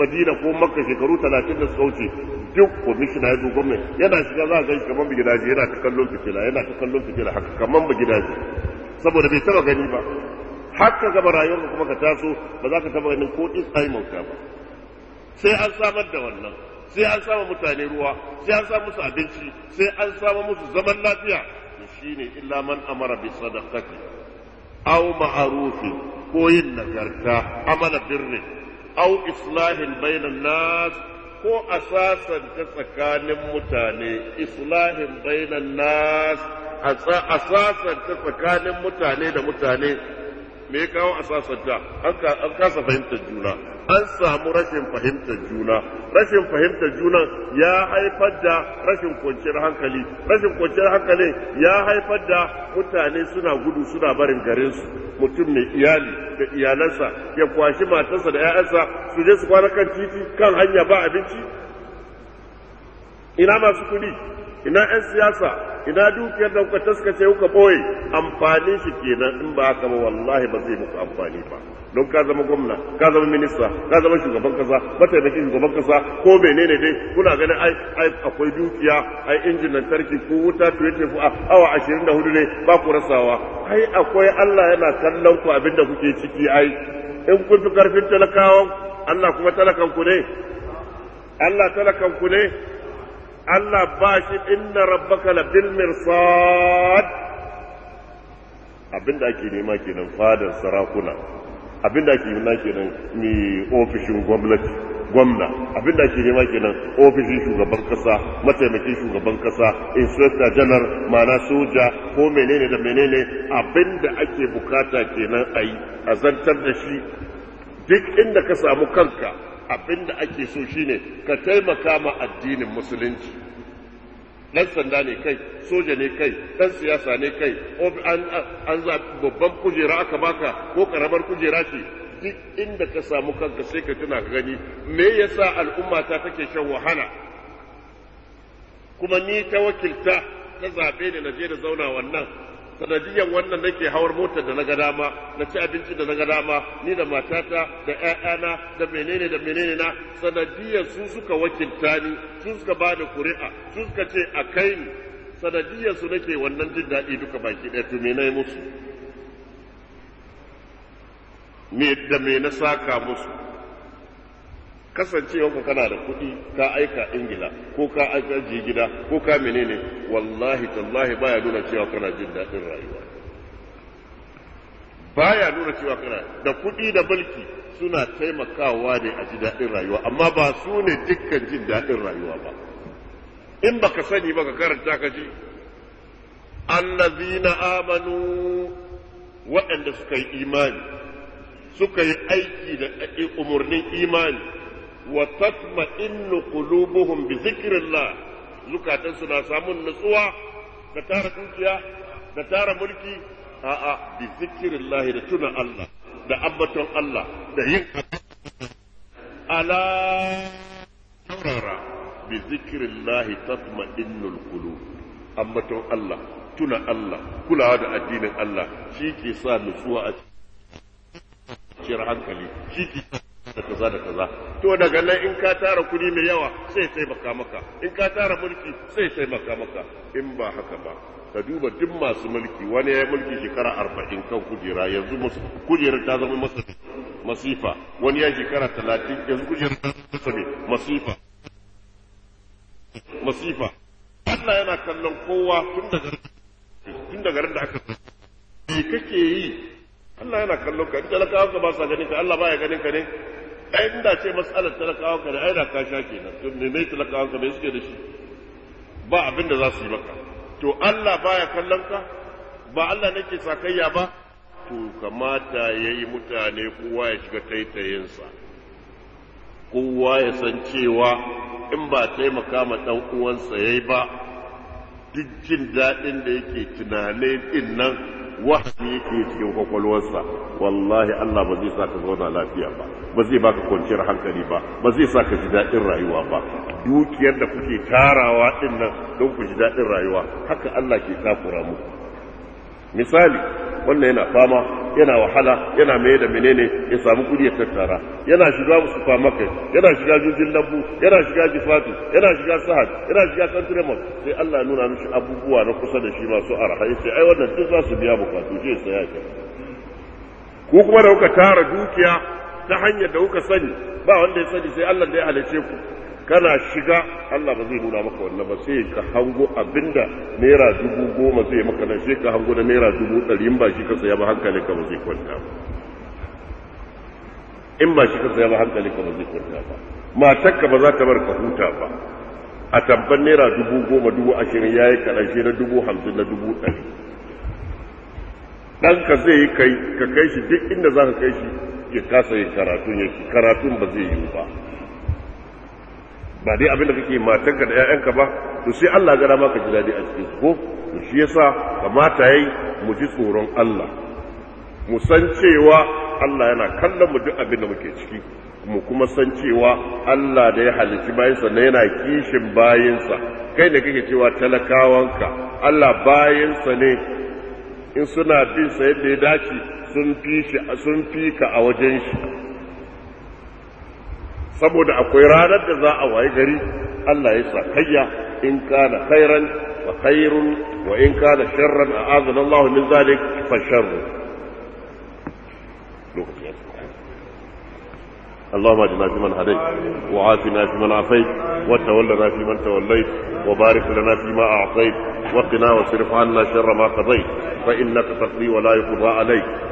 madina ko makka shekaru talatin da suka wuce duk komishina ya zo gwamnati yana shiga za a gan shi kamar bigidaje yana ta kallon fitila yana ta kallon fitila haka kamar saboda bai taba gani ba haka gaba ka kuma ka taso ba za ka taba ganin ko tsaimauta ba sai an samar da wannan sai an sama mutane ruwa sai an samu musu abinci sai an sama musu zaman lafiya shine illa man amara bi sadaqati aw ma'rufin ko yin nagarta amala birri aw islahin bainan nas ko asasan ta tsakanin mutane islahin bainan nas Asasan ta tsakanin mutane da mutane me ya kawo asasanta an kasa fahimtar juna an samu rashin fahimtar juna rashin fahimtar juna ya haifar da rashin kwanciyar hankali rashin kwanciyar hankali ya haifar da mutane suna gudu suna barin garinsu mutum mai iyali da iyalansa ya kwashi matarsa da 'ya'yansa su je su kwana kan titi kan hanya ba abinci ina masu kuɗi ina 'yan siyasa ina dukiyar da kuka taskace kuka boye amfani shi kenan in ba haka ba wallahi ba zai muku amfani ba don ka zama gwamna ka zama minista ka zama shugaban kasa mataimakin shugaban kasa ko menene dai kuna ganin ai ai akwai dukiya ai injin lantarki ko wuta 24 awa 24 ne ba ku rasawa ai akwai Allah yana kallon ku abinda kuke ciki ai in kun fi karfin talakawan Allah kuma talakan ku ne Allah talakan ku ne Allah ba shi inna rabbaka la bil mirsad abinda ake nema kenan fadar sarakuna abinda ake nema kenan mi ofishin gwamnati gwamna abinda ake nema kenan ofishin shugaban kasa mataimakin shugaban kasa inspector general mana soja ko menene da menene abinda ake bukata kenan a yi a zantar da shi duk inda ka samu kanka abin da ake so shine ka taimaka ma addinin musulunci dan sanda ne kai soja ne kai ɗan siyasa ne kai an an babban kujera aka baka ko karamar kujera ce duk inda ka samu kanka sai ka tuna ka gani me yasa al'umma ta take shan wahala kuma ni ta wakilta ta zaɓe ne na je da zauna wannan sanadiyan wannan nake hawar motar da na ga dama na ci abinci da na ga dama ni da matata da ƴaƴana da menene da menene na sanadiyyar su suka wakilta ni su suka ba da kuri'a su suka ce a kai ni sanadiyyar su nake wannan jin daɗi duka baki ɗaya to me na yi musu me da me na saka musu kasancewa ku kana da kuɗi ka aika ingila ko ka aika gida ko ka menene wallahi tallahi baya nuna cewa kana jin daɗin rayuwa baya nuna cewa kana da kuɗi da mulki suna taimakawa ne a ji daɗin rayuwa amma ba su ne dukkan jin daɗin rayuwa ba in baka sani baka karanta ka ji allazina amanu waɗanda suka yi imani suka yi aiki da eh, umarnin imani wa tatma'innu qulubuhum bi zikrillah zukatan su na samun nutsuwa da tara dukiya da tara mulki a'a bi zikrillah da tuna Allah da ambaton Allah da yin ala taurara bi zikrillah tatma'innul qulub ambaton Allah tuna Allah kulawa da addinin Allah shi ke sa nutsuwa a cikin hankali shi ke da kaza da kaza to daga nan in ka tara kuɗi mai yawa sai taimaka maka in ka tara mulki sai taimaka maka in ba haka ba ka duba duk masu mulki wani ya mulki shekara arba'in kan kujera yanzu kujerar ta zama masa masifa wani ya shekara talatin yanzu kujerar ta zama masifa masifa Allah yana kallon kowa tun daga tun daga da aka yi kake yi Allah yana kallon ka in talaka ba sa ganin ka Allah baya ganin ka ne ai da ce matsalar talakawa ka da ai ka sha kenan to ne mai talakawa ka mai suke da shi ba abin da za su yi maka to Allah baya kallon ka ba Allah nake sakayya ba to kamata ya yi mutane kowa ya shiga taitayinsa kowa ya san cewa in ba taimaka ma ɗan uwansa ya yi ba duk jin daɗin da yake tunanin din nan wahayi yake cikin kwakwalwarsa wallahi Allah ba zai sa ka zauna lafiya ba ba zai baka kwanciyar hankali ba ba zai sa ka ji daɗin rayuwa ba dukiyar da kuke tarawa din nan don ku ji daɗin rayuwa haka Allah ke takura mu misali wannan yana fama yana wahala yana mai da menene ya samu kudi ya tattara yana shiga supermarket yana shiga jujin lambu yana shiga jifatu yana shiga sahad yana shiga country sai Allah nuna mishi abubuwa na kusa da shi masu arha yace ai wannan duk za su biya bukatu je saya ke ku kuma da kuka tara dukiya ta hanyar da kuka sani ba wanda ya sani sai Allah da ya halice ku kana shiga Allah ba zai nuna maka wannan ba sai ka hango abinda naira dubu goma zai maka nan sai ka hango da naira dubu ɗari in ba shi ka saya ba hankali ka ba zai kwanta ba in ba shi ka saya ba hankali ka ba zai kwanta ba Matar ka ba za ta bar ka huta ba a tabban naira dubu goma dubu ashirin ya yi karashe na dubu hamsin na dubu ɗari ɗanka zai yi kai ka kai shi duk inda za ka kai shi ya kasa yin karatun ya karatun ba zai yi ba ba dai abin da kake matanka da 'ya'yanka ba to sai Allah ga dama ka ji daɗi a cikin ko to shi yasa kamata yayi mu ji tsoron Allah mu san cewa Allah yana kallon mu duk abin da muke ciki mu kuma san cewa Allah da ya halicci bayansa ne yana kishin bayansa kai da kake cewa talakawanka Allah bayansa ne in suna bin sa yadda ya dace sun fi sun fi ka a wajen shi saboda akwai ranar da za a waye gari Allah ya sa kayya in kana khairan wa khairun wa in kana sharran a'azana Allah min zalik fa sharru اللهم اجعلنا فيمن هديت وعافنا فيمن عافيت وتولنا فيمن توليت وبارك لنا فيما اعطيت وقنا واصرف عنا شر ما قضيت فانك تقضي ولا يقضى عليك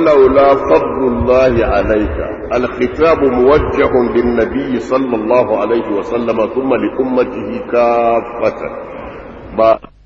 ولولا فضل الله عليك الخطاب موجه للنبي صلى الله عليه وسلم ثم لأمته كافة